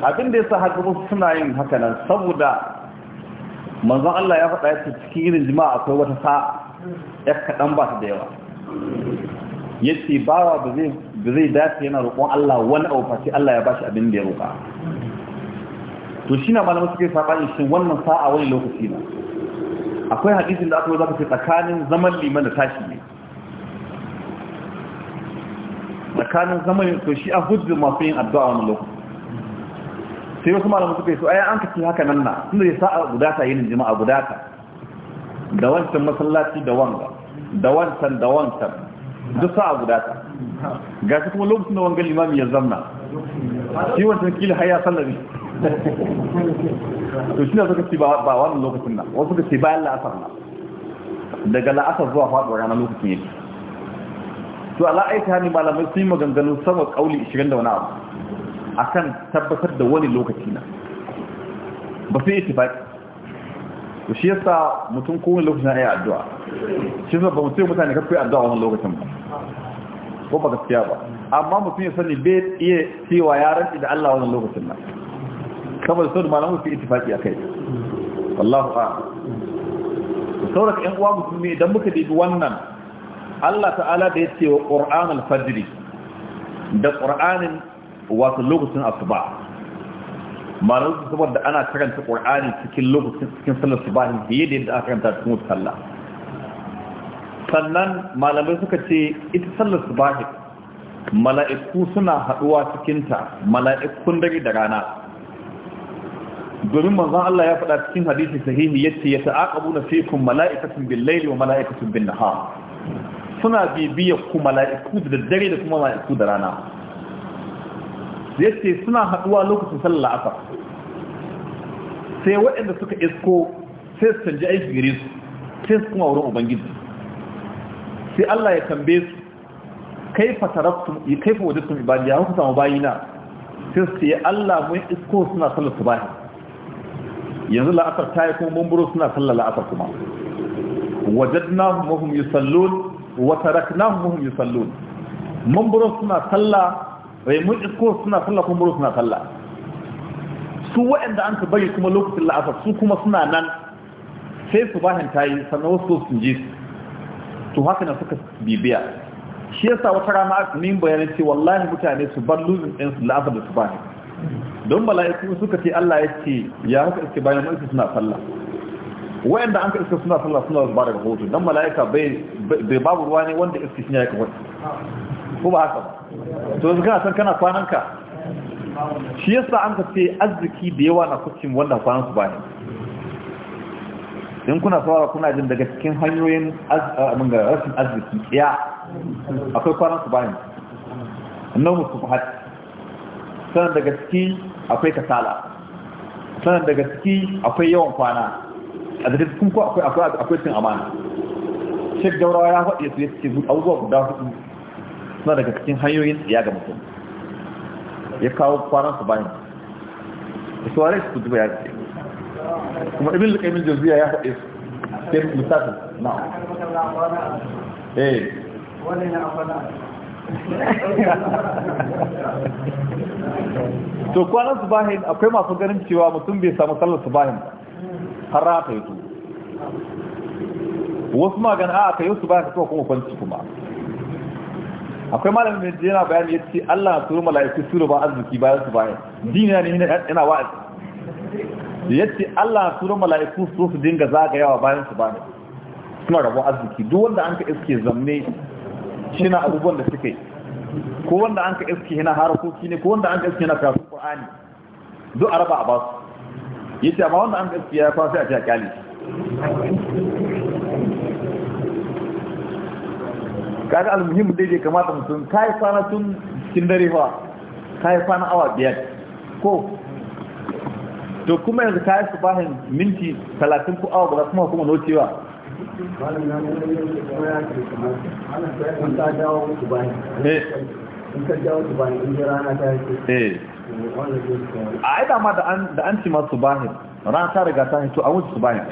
Eh, abin da ya sa haka suna yin hakanan saboda manzon Allah ya faɗa yake cikin irin jima'a akwai wata sa ya kaɗan ba ta da yawa yace bawa ba zai ba zai dace yana roƙon Allah wani abu face Allah ya bashi abin da ya roƙa to shi na malamu suke in shin wannan sa'a wani lokaci ne akwai hadisin da aka yi zaka ce tsakanin zaman liman da tashi ne tsakanin zaman to shi a hujjar masu yin addu'a wani lokaci sai wasu malamu suka yi su ayan an kace haka nan na tunda ya sa'a gudata yin jima'a gudata da wancan masallaci da wanga da wancan da wancan duk sa'a gudata ga su kuma lokacin da wangan limami ya zamna shi wancan kila haya sallari to shi ne suka ce ba wannan lokacin nan wasu suka ce bayan la'asar na daga la'asar zuwa faɗuwa ranar lokacin yake to ala aika ne malamai sun yi maganganu sama kauli 20 da wani abu akan tabbatar da wani lokaci na ba su yi tifaki to shi yasa mutum kowane lokaci na iya addu'a shi yasa ba mutum mutane kafin addu'a wani lokacin ba ko ba gaskiya ba amma mutum ya sani bai iya cewa ya rantsi da Allah wani lokacin na saboda sau da malamu su yi tifaki a kai wallahu a sauraka yan uwa musulmi idan muka dibi wannan Allah ta'ala da ya ce wa ƙur'an alfajiri da ƙur'anin wato lokacin asuba malamai su saboda ana karanta qur'ani cikin lokacin cikin sallar su subahi fiye da yadda aka karanta cikin wata sallah sannan malamai suka ce ita sallar su subahi mala'iku suna haɗuwa cikinta, ta mala'ikun dare da rana domin manzon Allah ya faɗa cikin hadisi sahihi yace yata'aqabuna fikum mala'ikatun bil-layli wa mala'ikatun bin-nahar suna bibiyar ku mala'iku da dare da kuma mala'iku da rana yace suna haduwa lokacin sallar asar sai waɗanda suka isko sai su canji aiki gare su sai su kuma wurin ubangiji sai Allah ya tambaye su kaifa taraktum kaifa wajadtum ibadi ya kuka samu bayina sai su ce Allah mun isko suna sallar su subahi yanzu la'asar ta yi kuma mumburo suna sallar la'asar kuma wajadnahum wa hum yusallun wa taraknahum wa hum yusallun mumburo suna sallah bai mun isko suna sallah kuma suna sallah su waɗanda an ka bari kuma lokacin la'asar su kuma suna nan sai su bahin tayi sannan wasu sun ji su to haka na suka bibiya shi yasa wata rana aka nin bayanin ce wallahi mutane su bar luzin ɗin su la'asar da su bahin don bala'iku suka ce Allah ya ce ya haka iske bayan mun suna sallah wa'anda an ka iska suna sallah suna ba da rahoto dan mala'ika bai babu ruwa ne wanda iske shi ya kawo ko ba haka ba to yanzu kana san kana kwananka shi yasa an ka ce arziki da yawa na kucin wanda kwanan su bane in kuna fara kuna jin daga cikin hanyoyin rashin arziki ya akwai kwanan su bane nan musu fahad sanar daga ciki akwai kasala sanar daga ciki akwai yawan kwana a daga cikin ko akwai cin amana shek daurawa ya faɗi su ya ce abubuwa guda hudu suna daga cikin hanyoyin tsiya ga mutum ya kawo kwanan su bayan da su ware su duba ya ce kuma ibin lukaimin jirgiya ya haɗe su sai misafin na eh. to kwanan su bayan akwai masu ganin cewa mutum bai samu sallar su bayan har rata ta yi wasu magana a ta yi su bayan ka kuma kwanci kuma akwai malamin da yana bayani yace Allah na turo mala'iku su ba arziki bayan su bayan dini ne yana wa'azi yace Allah na turo mala'iku su su dinga zagayawa bayan su bayan suna rabo arziki duk wanda an ka iske zamne shi na abubuwan da suke ko wanda an ka iske yana harakoki ne ko wanda an ka iske yana karatu Qur'ani duk araba a basu yace amma wanda an ka iske ya fasa a cikin kyale. kaga almuhim dai bai kamata mutum kai kwana tun cikin dare fa kai kwana awa biyar ko to kuma yanzu kai su bahin minti 30 ko awa ba kuma kuma nocewa eh. eh. a aida ma da an ci masu bahin ta riga ta hito a wuce su bahin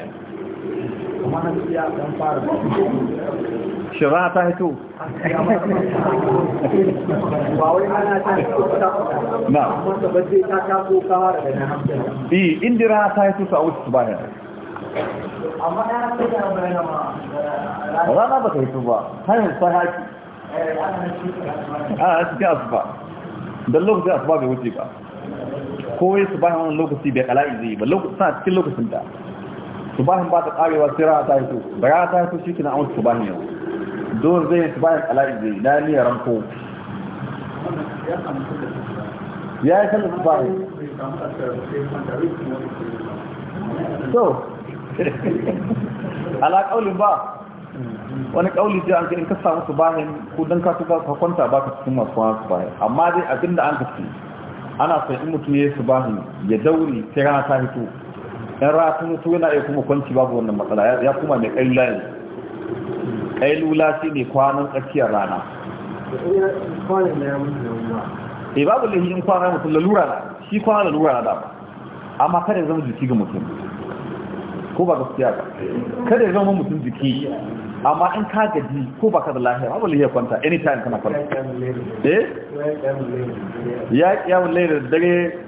shira ta hito ba wai ana ta hito na wanda ba zai ta kaso kawa da nan eh indira ta hito sa wuce ba bayan amma ya ta da bayan ma rana ba ta hito ba hanyar sa haki a cikin asuba don lokacin asuba bai wuce ba ko kowai su bayan wani lokaci bai kala'i zai ba lokacin cikin lokacin da subahin ba ta karewa sai rana ta hito da rana ta hito shi kina amsa subahin yau dole zai yi subahin ala'i zai na niyyar ranko ya yi sallar subahin so ala kaulin ba wani kauli ce an ka in ka samu subahin ko dan ka tuka ka kwanta ba ka cikin masu kwana subahin amma dai abinda an ka ce ana son in mutum ya yi subahin ya daure sai rana ta hito yan ra'a sun mutu yana iya kuma kwanci babu wannan matsala ya kuma mai ƙailula yanzu ƙailula shi ne kwanan tsakiyar rana e babu lahi in kwana mutum lalura na shi kwana lalura na dama amma kada ya zama jiki ga mutum ko ba gaskiya ba kada ya zama mutum jiki amma in ka gaji ko ba ka da lahiya babu lahiya kwanta anytime kana kwanta eh ya ya wallahi da dare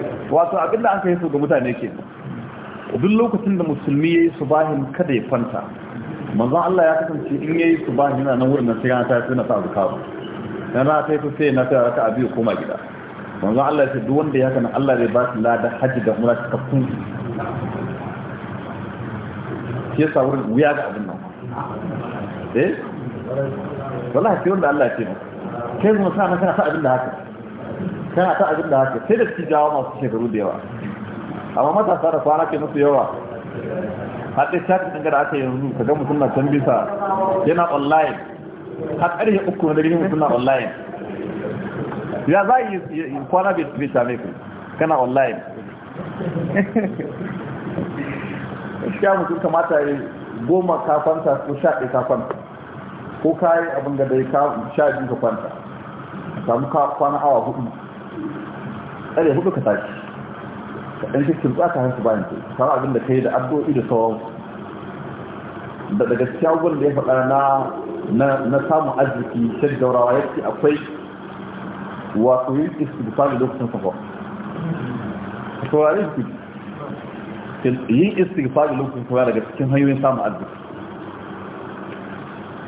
wato abinda an kai su ga mutane ke duk lokacin da musulmi ya yi su bahin kada ya fanta manzan Allah ya kasance in ya yi subahin yana nan wurin na sai ta tafi na sa zuka na na ta yi sai na ta raka abiyu koma gida manzan Allah ya ce duk wanda ya kana Allah zai ba shi lada hajji da mura cikakkun shi sa wurin wuya ga abin nan eh wallahi sai wanda Allah ya ce kai sa na sa abin da haka kana ta abin da haka sai da suke jawo masu shekaru da yawa amma matasa da kwana ke musu yawa har dai shafi ɗin gada aka yanzu ka ga mutum na can bisa yana online har ƙarfe uku na dare mutum na online ya za yi kwana bai same ku kana online gaskiya mutum kamata ya goma kafanta ko sha ɗaya ko kayi abin da bai sha biyu ka kwanta samu kwana awa hudu ƙarya hudu ka tashi ka ɗan shi kirɓa ka hansu bayan ku fara abin da ka yi da addu'o'i da sauran da daga cikin da ya faɗa na na samun arziki shar daurawa ya ce akwai wato yin istighfar lokacin safa ka saurari su yin istighfar lokacin safa daga cikin hanyoyin samun arziki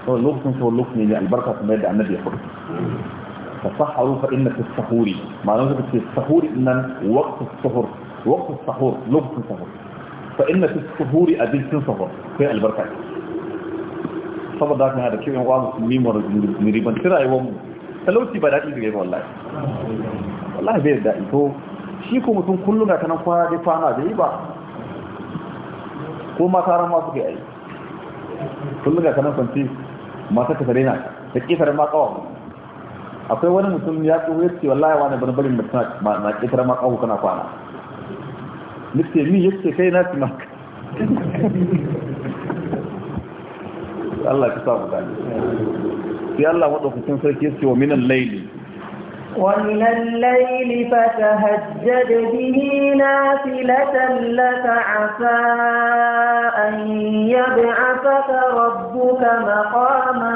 sau lokacin sau lokacin ne albarka kuma yadda annabi ya faɗa فسحروا فإن في السحور معناه في السحور إن وقت السحور وقت السحور لغت السحور فإن في السحور أدل سنسحور في البركة صبداتنا هذا كيف يقول ميم ونريبا ترى يوم فلو تبادات يجب والله والله بير دائم تو شيكو متون كلنا كنفا دفعنا جيبا ko mata ran masu gai kullum ga kana kwanci mata ta tare na take fara ma kawai akwai wani mutum ya tsoro ya ce wallahi wani bana barin da tana na kitar ma kawo kana kwana nake ni yace kai na tuna Allah ka sa mu gani sai Allah madaukakin sarki yace wa minan layli wa minan layli fatahajjad bihi nafilatan laka asa an yab'a مقاما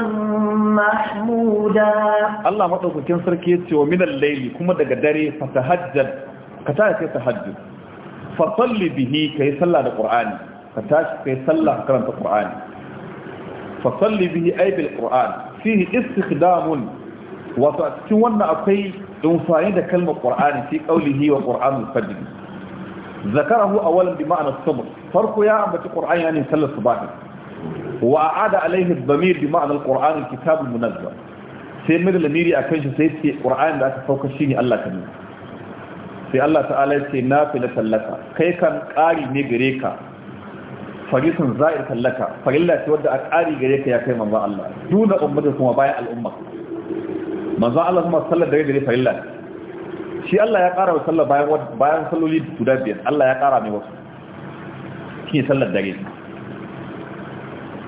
محمودا sarki مدوكين سركي يتي minan الليل kuma daga dare fatahajjad ka tashi kai tahajjud fa salli bihi sallah da ƙur'ani. ka tashi kai sallah karanta bihi ay bil fihi istikhdam wa ta cikin wannan akwai dumfani da kalmar ƙur'ani fi qawlihi wa qur'anul fajr ذكره اولا بمعنى الصبر فرق ya عم بتقرآن يعني سلة صباحي wa aada alaihi dhamir bi ma'anar alquran alkitab almunazzal sai mai lamiri akan shi sai ce da aka sauka shine Allah kan sai Allah ta'ala ya ce nafila sallaka kai kan ƙari ne gare ka farisun za'ir sallaka farilla ce wadda a ƙari gare ka ya kai manzon Allah duna ummata kuma bayan al'umma manzon Allah kuma sallar da gare farilla shi Allah ya ƙara wa sallar bayan guda biyar Allah ya ƙara wasu shi sallar dare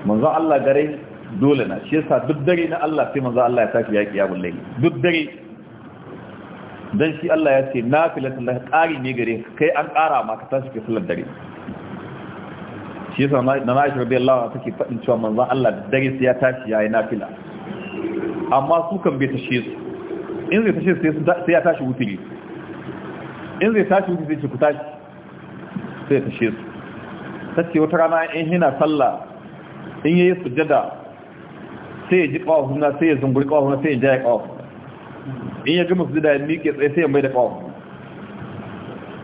manzon Allah gare dole na shi yasa duk dare na Allah sai manzon Allah ya tafi ya kiyamul layl duk dare dan shi Allah ya ce nafilatul lahi qari ne gare kai an ƙara ma ka tashi ke sallar dare shi yasa na na shi radiyallahu anha take fadin cewa manzon Allah dare sai ya tashi yayi nafila amma su kan bai tashi su in zai tashi sai ya tashi wutiri in zai tashi wutiri sai ku tashi sai ya tashi su tace wata rana in hina sallah in yayi sujjada sai ya ji kawahuna sai ya zunguri kawahuna sai ya jaya kawo in ya gama sujjada ya miƙe tsaye sai ya mai da kawo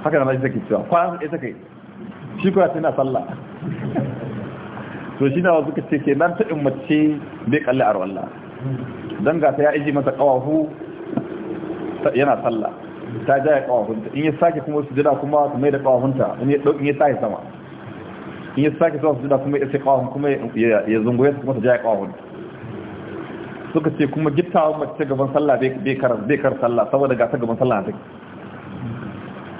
haka da na ji take cewa kwanan ita kai shi kuwa na sallah to shi na wasu ka ke nan ta in mace bai kalli a rawalla don gasa ya iji masa kawahu yana sallah ta jaya kawahunta in ya sake kuma sujjada kuma su mai da kawahunta in ya sake sama in ya sake sa sujuda kuma ya sai kawahun kuma ya zungoye su kuma ta jaya kawahun suka ce kuma gittawa mace gaban sallah bai kar sallah saboda ga ta gaban sallah take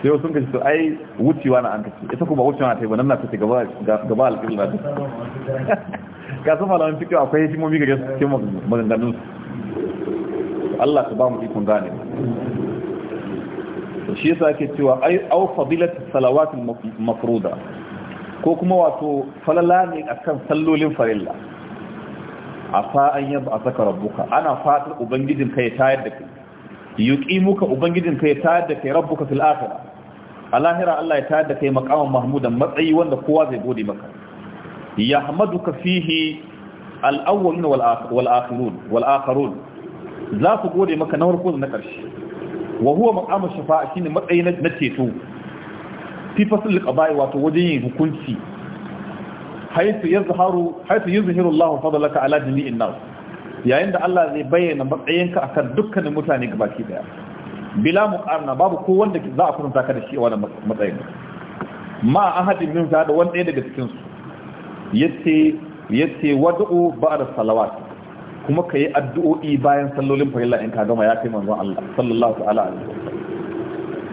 sai wasu kace to ai wucewa na an kace ita kuma wucewa ta yi ba nan na kace gaba gaba alƙibla ta ga su malaman cikin akwai hikimomi gare su cikin maganganun su Allah ta ba mu ikon gane shi yasa ake cewa ai au fadilat salawatul mafruda ko kuma wato falala ne akan sallolin farilla a fa'an yadda a saka rabbuka ana fatar ubangijin ka ya tayar da kai yuƙi muka ubangijin ka ya tayar da kai rabbuka fil akhirah a lahira Allah ya tayar da kai makaman mahmudan matsayi wanda kowa zai gode maka yahmaduka fihi al-awwalun wal akhirun wal za su gode maka na farko da na ƙarshe wa huwa maqamu shafa'a shine matsayi na ceto fi fasil wato wajen yin hukunci haythu yazharu haythu yuzhiru Allah fadlaka ala jami'in nas yayin da Allah zai bayyana matsayinka akan dukkanin mutane gabaki daya bila muqarna babu ko wanda za a kunta ka da shi a wannan matsayin ma ahadin min da wani ɗaya daga cikin su yace yace wad'u da salawat kuma ka yi addu'o'i bayan sallolin farilla in ka gama ya kai manzon Allah sallallahu alaihi wasallam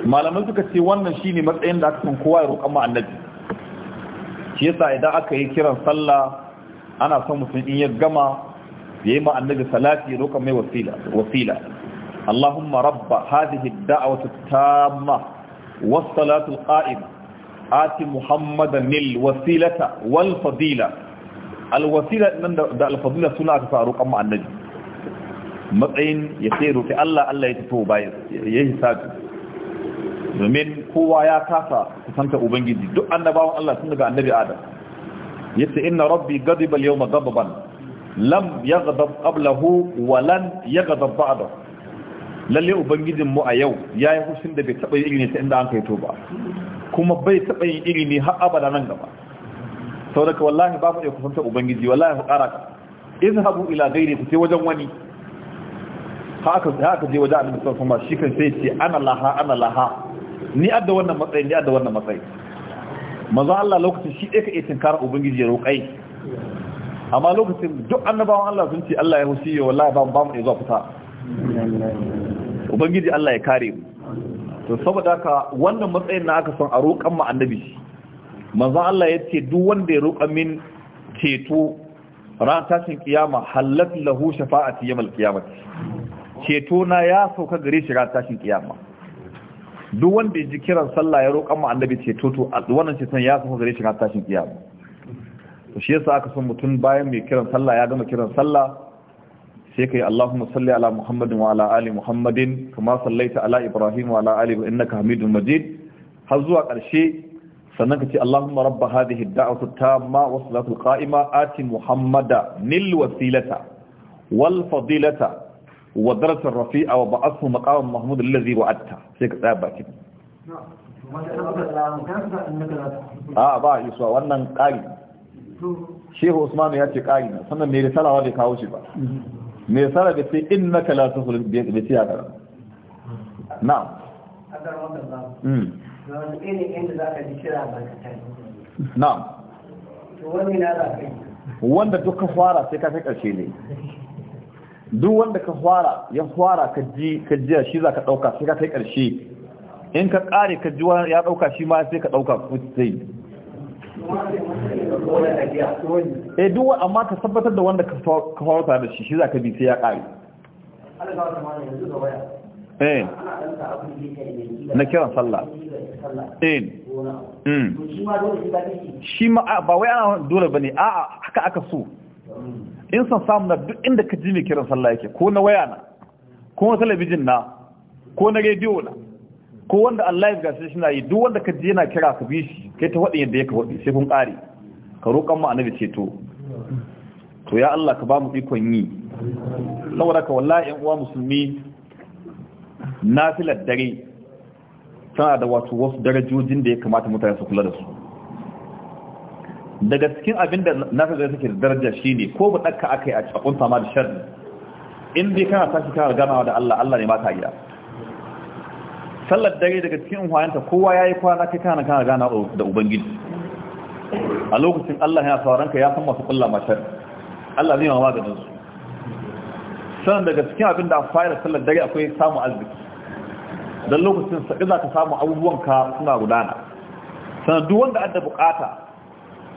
malamai suka ce wannan shine matsayin da aka san kowa ya roƙa annabi shi idan aka yi kiran sallah ana son mutum in ya gama yayi ma annabi salati ya roƙa mai wasila wasila rabba hadhihi ad-da'wati at-tamma was-salatu al-qa'im ati Muhammadan lil wasilata wal fadila al-wasila da al-fadila suna ka faru kan annabi matsayin ya sai roƙi Allah Allah ya tafi bayan ya yi domin kowa ya kasa kusanta ubangiji duk annabawan Allah sun daga annabi Adam yace inna rabbi ghadiba al-yawma ghadaban lam yaghdab qablahu wa lan yaghdab ba'dahu lalle ubangijin mu a yau yayi hushin da bai taba yin irin ta inda an kai to ba kuma bai taba yin irin ne har abada nan gaba saboda wallahi babu ya kusanta ubangiji wallahi ku kara izhabu ila ghairi ku sai wajen wani haka haka je wajen annabi sallallahu alaihi wasallam shi kan sai ce ana laha ana laha ni adda wannan matsayin, ni adda wannan matsayi mazan Allah lokacin shi ɗaya ka iya tinkara ubangiji ya roƙai amma lokacin duk annabawan Allah sun ce Allah ya hushi ya wallahi ba mu ba mu zuwa fita ubangiji Allah ya kare mu to saboda haka wannan matsayin na aka son a roƙan mu annabi mazan Allah ya ce duk wanda ya roƙa min ceto ran tashin kiyama halat lahu shafa'ati yamal kiyamati ceto na ya sauka gare shi ran tashin kiyama duk wanda ya ji kiran sallah ya roƙa mu annabi ce to to wannan ce ya san gare shi na tashin kiyama to shi yasa aka san mutum bayan mai kiran sallah ya gama kiran sallah sai kai Allahumma salli ala Muhammadin wa ala ali Muhammadin kama sallaita ala Ibrahim wa ala ali innaka Hamidum Majid har zuwa ƙarshe sannan ka ce Allahumma rabba hadhihi ad-da'wati tamma wa salatu al-qa'ima ati Muhammada nil wasilata wal fadilata wa darasa rafi'a wa ba'athu maqaman mahmud allazi wa'adta sai ka tsaya bakin ah, a ba yusuwa wannan ƙari shehu usmanu ya ce ƙari sannan mai risalawa bai kawo shi ba mai risala da sai in na bai na na wanda duka fara sai ka fi ƙarshe ne duk wanda ka fara ya fara ka ji ka ji shi zaka dauka sai ka kai karshe in ka kare ka ji ya dauka shi ma sai ka dauka sai eh duk amma ka tabbatar da wanda ka fara tare da shi shi zaka bi sai ya kare eh na kiran sallah eh hmm. shi ma ba wai ana dole bane a'a haka aka so in san samu na duk inda ka ji mai kiran sallah yake ko na waya na ko na talabijin na ko na rediyo na ko wanda Allah ya gashi shi na yi duk wanda ka ji yana kira ka bi shi kai ta wadin yadda ya wadi sai kun kare ka roƙan mu annabi ceto to ya Allah ka ba mu ikon yi saboda ka wallahi ƴan uwa musulmi nafilar dare tana da wato wasu darajojin da ya kamata mutane su kula da su daga cikin abin da naka zai suke daraja shine, ko ba ɗaka aka a cikin ma da sharri in dai kana tashi kana ganawa da Allah Allah ne ma ta gida sallar dare daga cikin wayanta kowa ya yi kwana kai kana kana gana da ubangiji a lokacin Allah yana sauran ka ya san masu kulla mashar Allah zai mawa ganin su sannan daga cikin abin da fara sallar dare akwai samun arziki don lokacin sa'i za ka samu abubuwan ka suna gudana sannan duk wanda adda bukata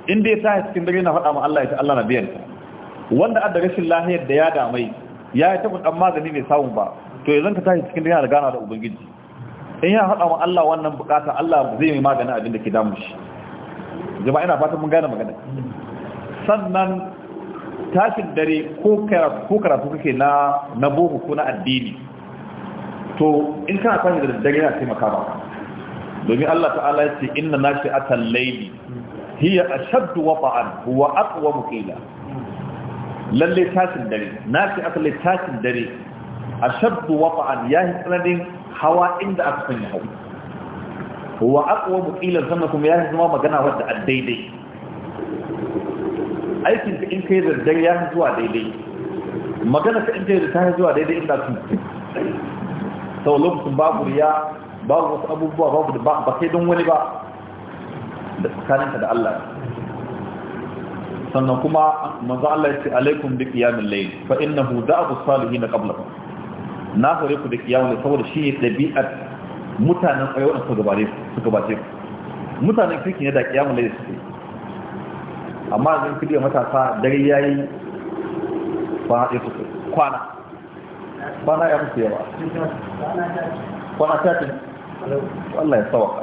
inda ya tashi cikin dare na faɗa ma Allah ya ce Allah na biyan ka wanda adda rashin lahiyar da ya damai ya yi ɗan magani mai samun ba to yanzu ka tashi cikin dare na gana da ubangiji in ya faɗa ma Allah wannan bukata Allah zai mai magana abin da ke damu shi jama'a ina fatan mun gane magana sannan tashin dare ko karatu kake na na boko ko na addini to in kana tashi da dare ya taimaka ba domin Allah ta'ala ya ce inna nashi atal layli hiya ashaddu wata'an huwa aqwa muqila lalle tashin dare na ce asali tashin dare ashaddu wata'an yahi tsananin hawa inda aka sanya hawa huwa aqwa muqila sannan kuma yahi zama magana wadda a daidai aikin in kai da dare ya zuwa daidai magana ka in kai da ta zuwa daidai inda su sau lokacin babu riya babu wasu abubuwa babu da ba sai don wani ba da tsakaninka da Allah sannan kuma manzo Allah ya ce alaikum bi qiyamil layl fa innahu da'u salihin qablakum na hore ku da qiyamul saboda shi ne dabi'at mutanen kwaye da suka gabare su suka bace mutanen kike ne da qiyamul layl suke amma zan kidi matasa dare yayi ba ya suke kwana kwana ya musu yawa kwana ta ce Allah ya sawaka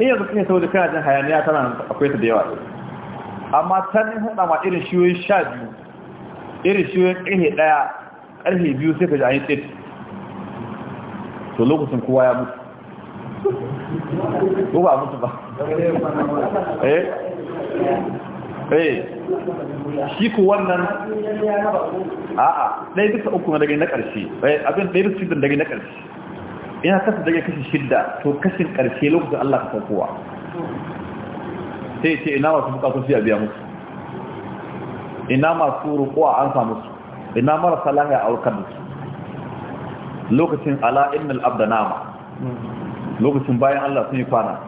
iya yanzu kan saboda kana jin hayaniya tana akwai ta da yawa amma ta ne hada ma irin shiwoyi sha biyu irin shiwoyi ƙarfe ɗaya ƙarfe biyu sai ka ji an yi tsit to lokacin kowa ya mutu ko ba mutu ba eh eh shi ku wannan a'a ɗaya bisa uku na daga na ƙarshe eh, abin ɗaya duka uku daga na ƙarshe ina kasa daga kashi shidda to kashin karshe lokacin Allah ka kowa sai ce ina masu bukatun su biya musu ina masu rukuwa an samu su ina marasa ya a wurkan su? lokacin ala innal abda nama lokacin bayan Allah sun yi kwana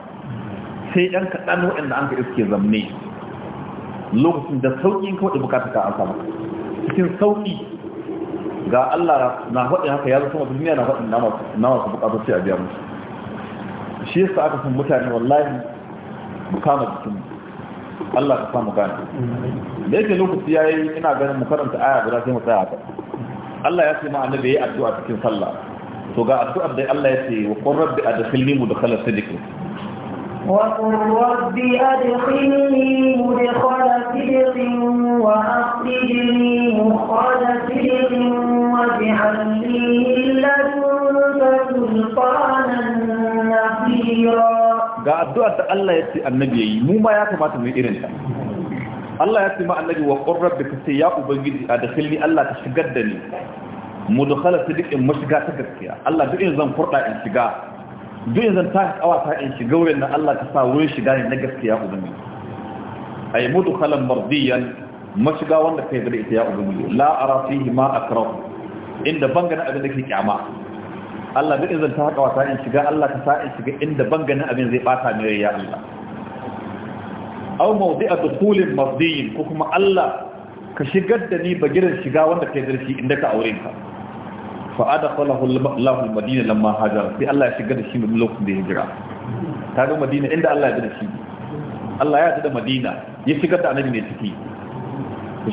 sai ɗan kaɗan waɗanda an ka iske zamne lokacin da sauƙin kawai bukata ka an samu cikin sauƙi ga Allah na faɗin haka ya zama duniya na faɗin na masu bukatar sai a biya musu shi yasa aka san mutane wallahi mu kama jikin Allah ka samu gane da yake lokaci yi ina ganin mu karanta aya guda sai mu tsaya haka Allah ya ce ma annabi yi addu'a cikin sallah to ga addu'ar da Allah ya ce wa qur rabbi adkhilni mudkhala sidqin وقل رب أدخلني مدخل صدق وأخرجني مخرج صدق واجعل لي من لدنك سلطانا نصيرا ga addu'ar da Allah ya ce annabi yayi mu ma ya kamata mu irin ta Allah ya ce ma annabi wa qur rabbi ka sai ya ubangiji a da dakhilni Allah ta shigar da ni mudkhala sidiqin mashiga ta gaskiya Allah duk in zan furda in shiga duk yanzu ta kawata in shiga wurin na Allah ta sa wurin shiga ne na gaskiya ubangi ay mudkhalan mardiyan mashiga wanda kai da ita ya ubangi la ara fihi ma akrahu inda bangana abin da ke kyama Allah duk yanzu ta kawata in shiga Allah ta sa in shiga inda bangana abin zai bata ne ya Allah aw mawdi'a dukhulin mardiyin ko kuma Allah ka shigar da ni bagiran shiga wanda kai da shi inda ka aure ka fa adakhalahu Allahu al-Madina lamma hajara sai Allah ya shiga da shi lokacin da hijira ta ga Madina inda Allah ya da shi Allah ya da Madina ya shiga da annabi ne ciki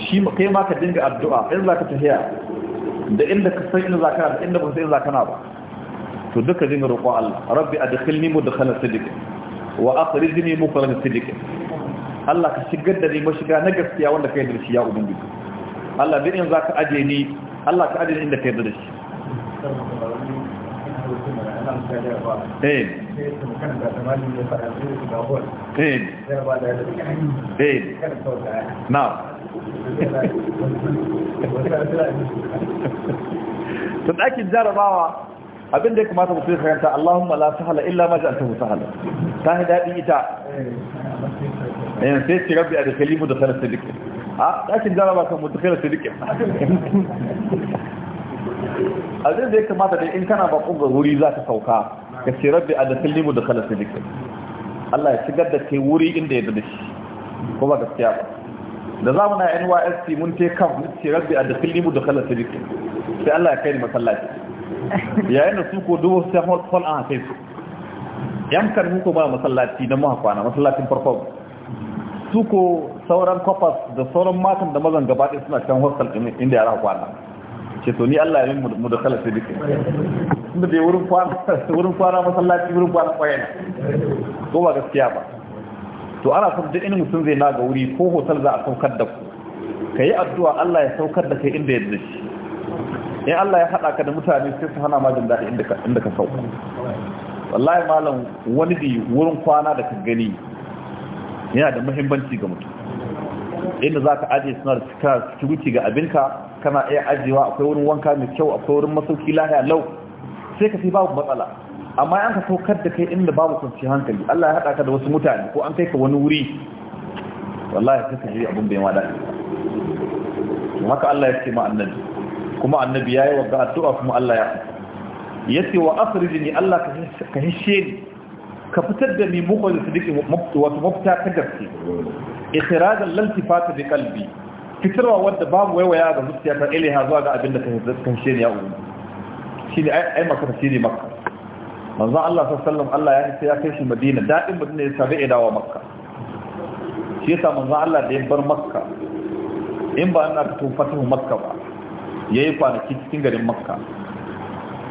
shi kai ma ka dinga addu'a in za ka tafiya da inda ka san inda za ka da inda ba sai za ka na ba to duka dinga roƙo Allah rabbi adkhilni mudkhala sidiq wa akhrijni mukhraj sidiq Allah ka shigar da ni mashiga na gaskiya wanda kai da shi ya ubangiji Allah din in za ka aje ni Allah ka aje ni inda kai da shi إيه. إيه. إيه. نعم. تتأكد جارة ماما أبن لك ما تبصير خيانتا اللهم لا سهل إلا ما جأته سهل تاهد هذه إيتاء إيه سيسي ربي أدخلي مدخلة أه؟ سيدك ها تأكد جارة ماما abin da ya kamata dai in kana bakon ga wuri za ka sauka ka ce rabbi a da filimu da kalar silikin Allah ya shigar da kai wuri inda ya da shi ko ba gaskiya ba da za mu na nysc mun te kam mun ce rabbi a da filimu da kalar silikin sai Allah ya kai ni masallaci yayin da su ko dubu sai hol an hafe su yan kan muku ba masallaci na muha kwana masallacin farko su ko sauran kwafas da sauran matan da mazan gaba ɗaya suna can hostel inda yara kwana ce to ni Allah ya min mu da kala sai duk inda dai wurin kwana wurin kwana masallaci wurin kwana koyen ko ba gaskiya ba to ana son duk inda mutum zai naga wuri ko hotel za a saukar da ku kai addu'a Allah ya saukar da kai inda ya dace in Allah ya hada ka da mutane sai su hana ma jin daɗi inda ka inda ka sauka wallahi malam wani bi wurin kwana da ka gani yana da muhimmanci ga mutum inda za ka ajiye suna da security ga abinka kana iya ajiyewa akwai wurin wanka mai kyau akwai wurin masauki lahiya lau sai ka fi babu matsala amma an ka saukar da kai inda babu kwanci hankali Allah ya haɗa ka da wasu mutane ko an kai ka wani wuri wallahi sai ka ji abin bai ma daɗi haka Allah ya ce ma annabi kuma annabi ya yi wa ga addu'a kuma Allah ya ya ce wa asirijini Allah ka hishe ni ka fitar da ni mukwai da sadiki wato mafita ta gaske ikirajen laltifata bi kalbi fitarwa wadda babu waiwaya ga zuciya ta ilaha zuwa ga abin da ta kan shi ne ya umu shi ne ai maka shi maka manzon Allah sallallahu alaihi wasallam Allah ya kai shi Madina dadin Madina ya sabi idawa makka shi yasa manzon Allah da ya bar makka in ba ana fito fatu makka ba yayi kwanaki cikin garin makka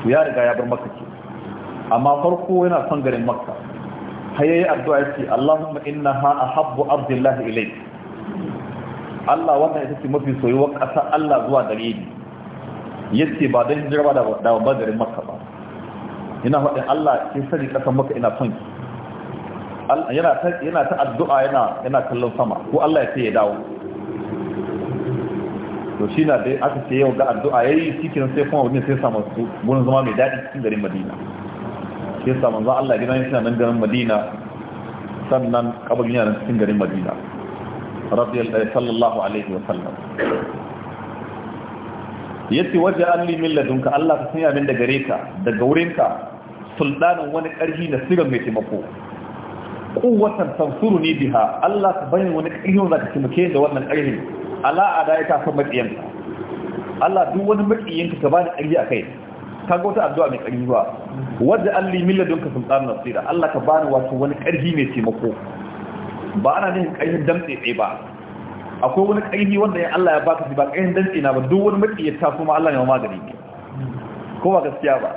to ya riga ya bar makka ce. amma farko yana son garin makka har addu'a ya ce Allahumma ha ahabbu ardillahi ilayka Allah wannan ita ce mafi soyuwar ƙasa Allah zuwa gare ni yace ba dan hijira ba da da bazarin Makka ba ina faɗin Allah ki sani ƙasar Makka ina son ki yana ta yana ta addu'a yana yana kallon sama ko Allah ya ce ya dawo to shi na dai aka ce yau ga addu'a yayi cikin sai kuma wani sai samu su gurin zama mai daɗi cikin garin Madina sai samu za Allah gidan shi nan garin Madina sannan kabarin yana cikin garin Madina sallallahu alaihi wa sallam yace waje an limin ladunka Allah ka sanya min da gare daga wurinka sultanin wani ƙarfi na sigar mai taimako kuwatan tansuru ni biha Allah ka bani wani ƙarfi wanda ka taimake da wannan ƙarfi ala a da ka san maƙiyanka Allah duk wani maƙiyanka ka bani ƙarfi a kai ka ga wata addu'a mai ƙarfi ba waje an limin ladunka sultanin nasira Allah ka bani wato wani ƙarfi mai taimako ba ana nufin ƙarfin damtse ba akwai wani ƙarfi wanda ya Allah ya baka shi ba ƙarfin damtse na ba duk wani maki ya tafi ma Allah ya ma magani ko ba gaskiya ba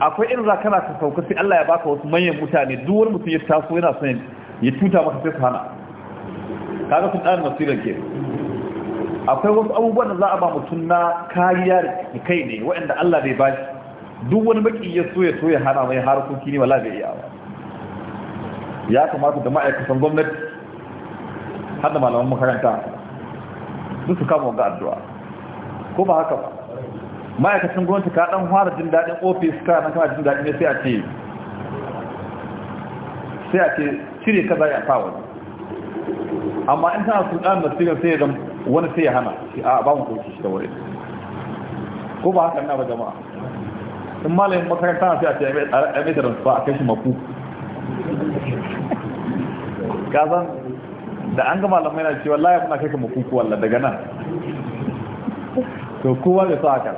akwai irin za kana ka sauka sai Allah ya baka wasu manyan mutane duk wani mutum ya taso yana son ya tuta maka sai su hana kaga sun ɗan nasiran ke akwai wasu abubuwan da za a ba mutum na kariya da kai ne waɗanda Allah bai ba shi duk wani maki ya so ya so ya hana mai harkoki ne wala bai iya ba ya kamata da ma'aikatan gwamnati har da malaman makaranta duk su kama ga addu'a ko ba haka ba ma'aikatan gwamnati ka dan fara jin dadin ofis ka nan kana jin dadin sai a ce sai a ce cire ka za a sa wani amma in tana su dan nasirin sai ya zama wani sai ya hana a ba mu ɗauki shi da wuri ko ba haka na ba jama'a in malamin makaranta na sai a ce a mai su ba a kai shi maku kazan da an ga malamai na cewa laye muna kai kama kuku wallah daga nan to kowa da sa haka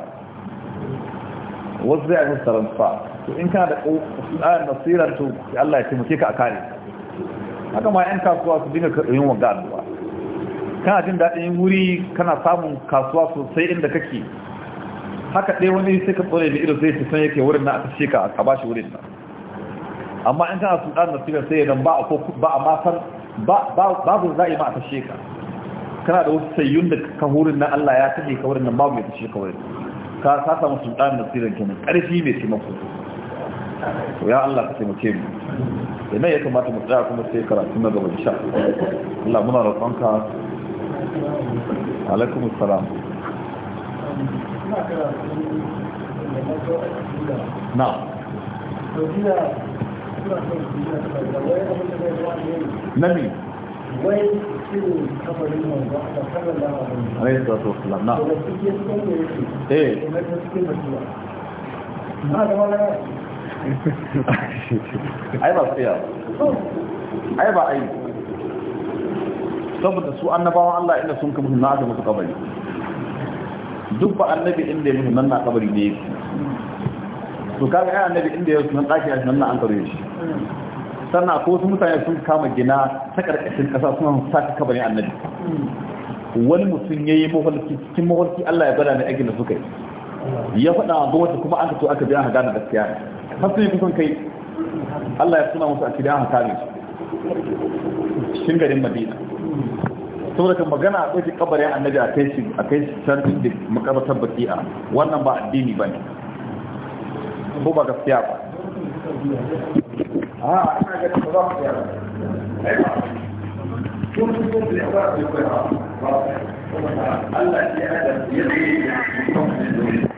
wasu zai ainihin fa. to in kana da tsarin nasirar to Allah ya taimake ka a kare haka ma 'yan kasuwa su dinga yin wa addu'a kana jin daɗin wuri kana samun kasuwa sosai inda kake haka ɗaya wani sai ka tsore da irin zai su sanya yake wurin na a tashe ka a bashi wurin nan amma in kana sultan da sigar sai dan ba ko ba a ba ba za'i ma ta sheka kana da wasu sayyun da ka hurin nan Allah ya tabe ka wurin nan babu sheka wai ka wurin ka ka samu sultan da sigar kenan karfi mai maku to ya Allah ka muke mu idan ya kamata mu tsaya kuma sai karatu na gaba insha Allah muna roƙonka alaikum assalam na na me wai cikin da eh. na cikin eh kuma na ai ba ai ba saboda su annabawan Allah inda sun kuma na da mutu kabari duk ba annabi inda ya mutu nan na kabari ne to kaga ya annabi inda ya sunan daki a nan an kare shi sannan ko wasu mutane sun kama gina ta karkashin kasa suna saka kabarin annabi wani mutum ya yi mahalki cikin mahalki Allah ya bada ne aikin da suka yi ya faɗa a gwamnati kuma an to aka biya ha gane gaskiya ne har sun yi kusan kai Allah ya suna musu a cikin ha kame cikin garin Madina saboda kan magana a ɗauki kabarin annabi a kai shi a kai shi can da makabatar baki'a wannan ba addini ba ne ko ba gaskiya ba ah, ba Allah ya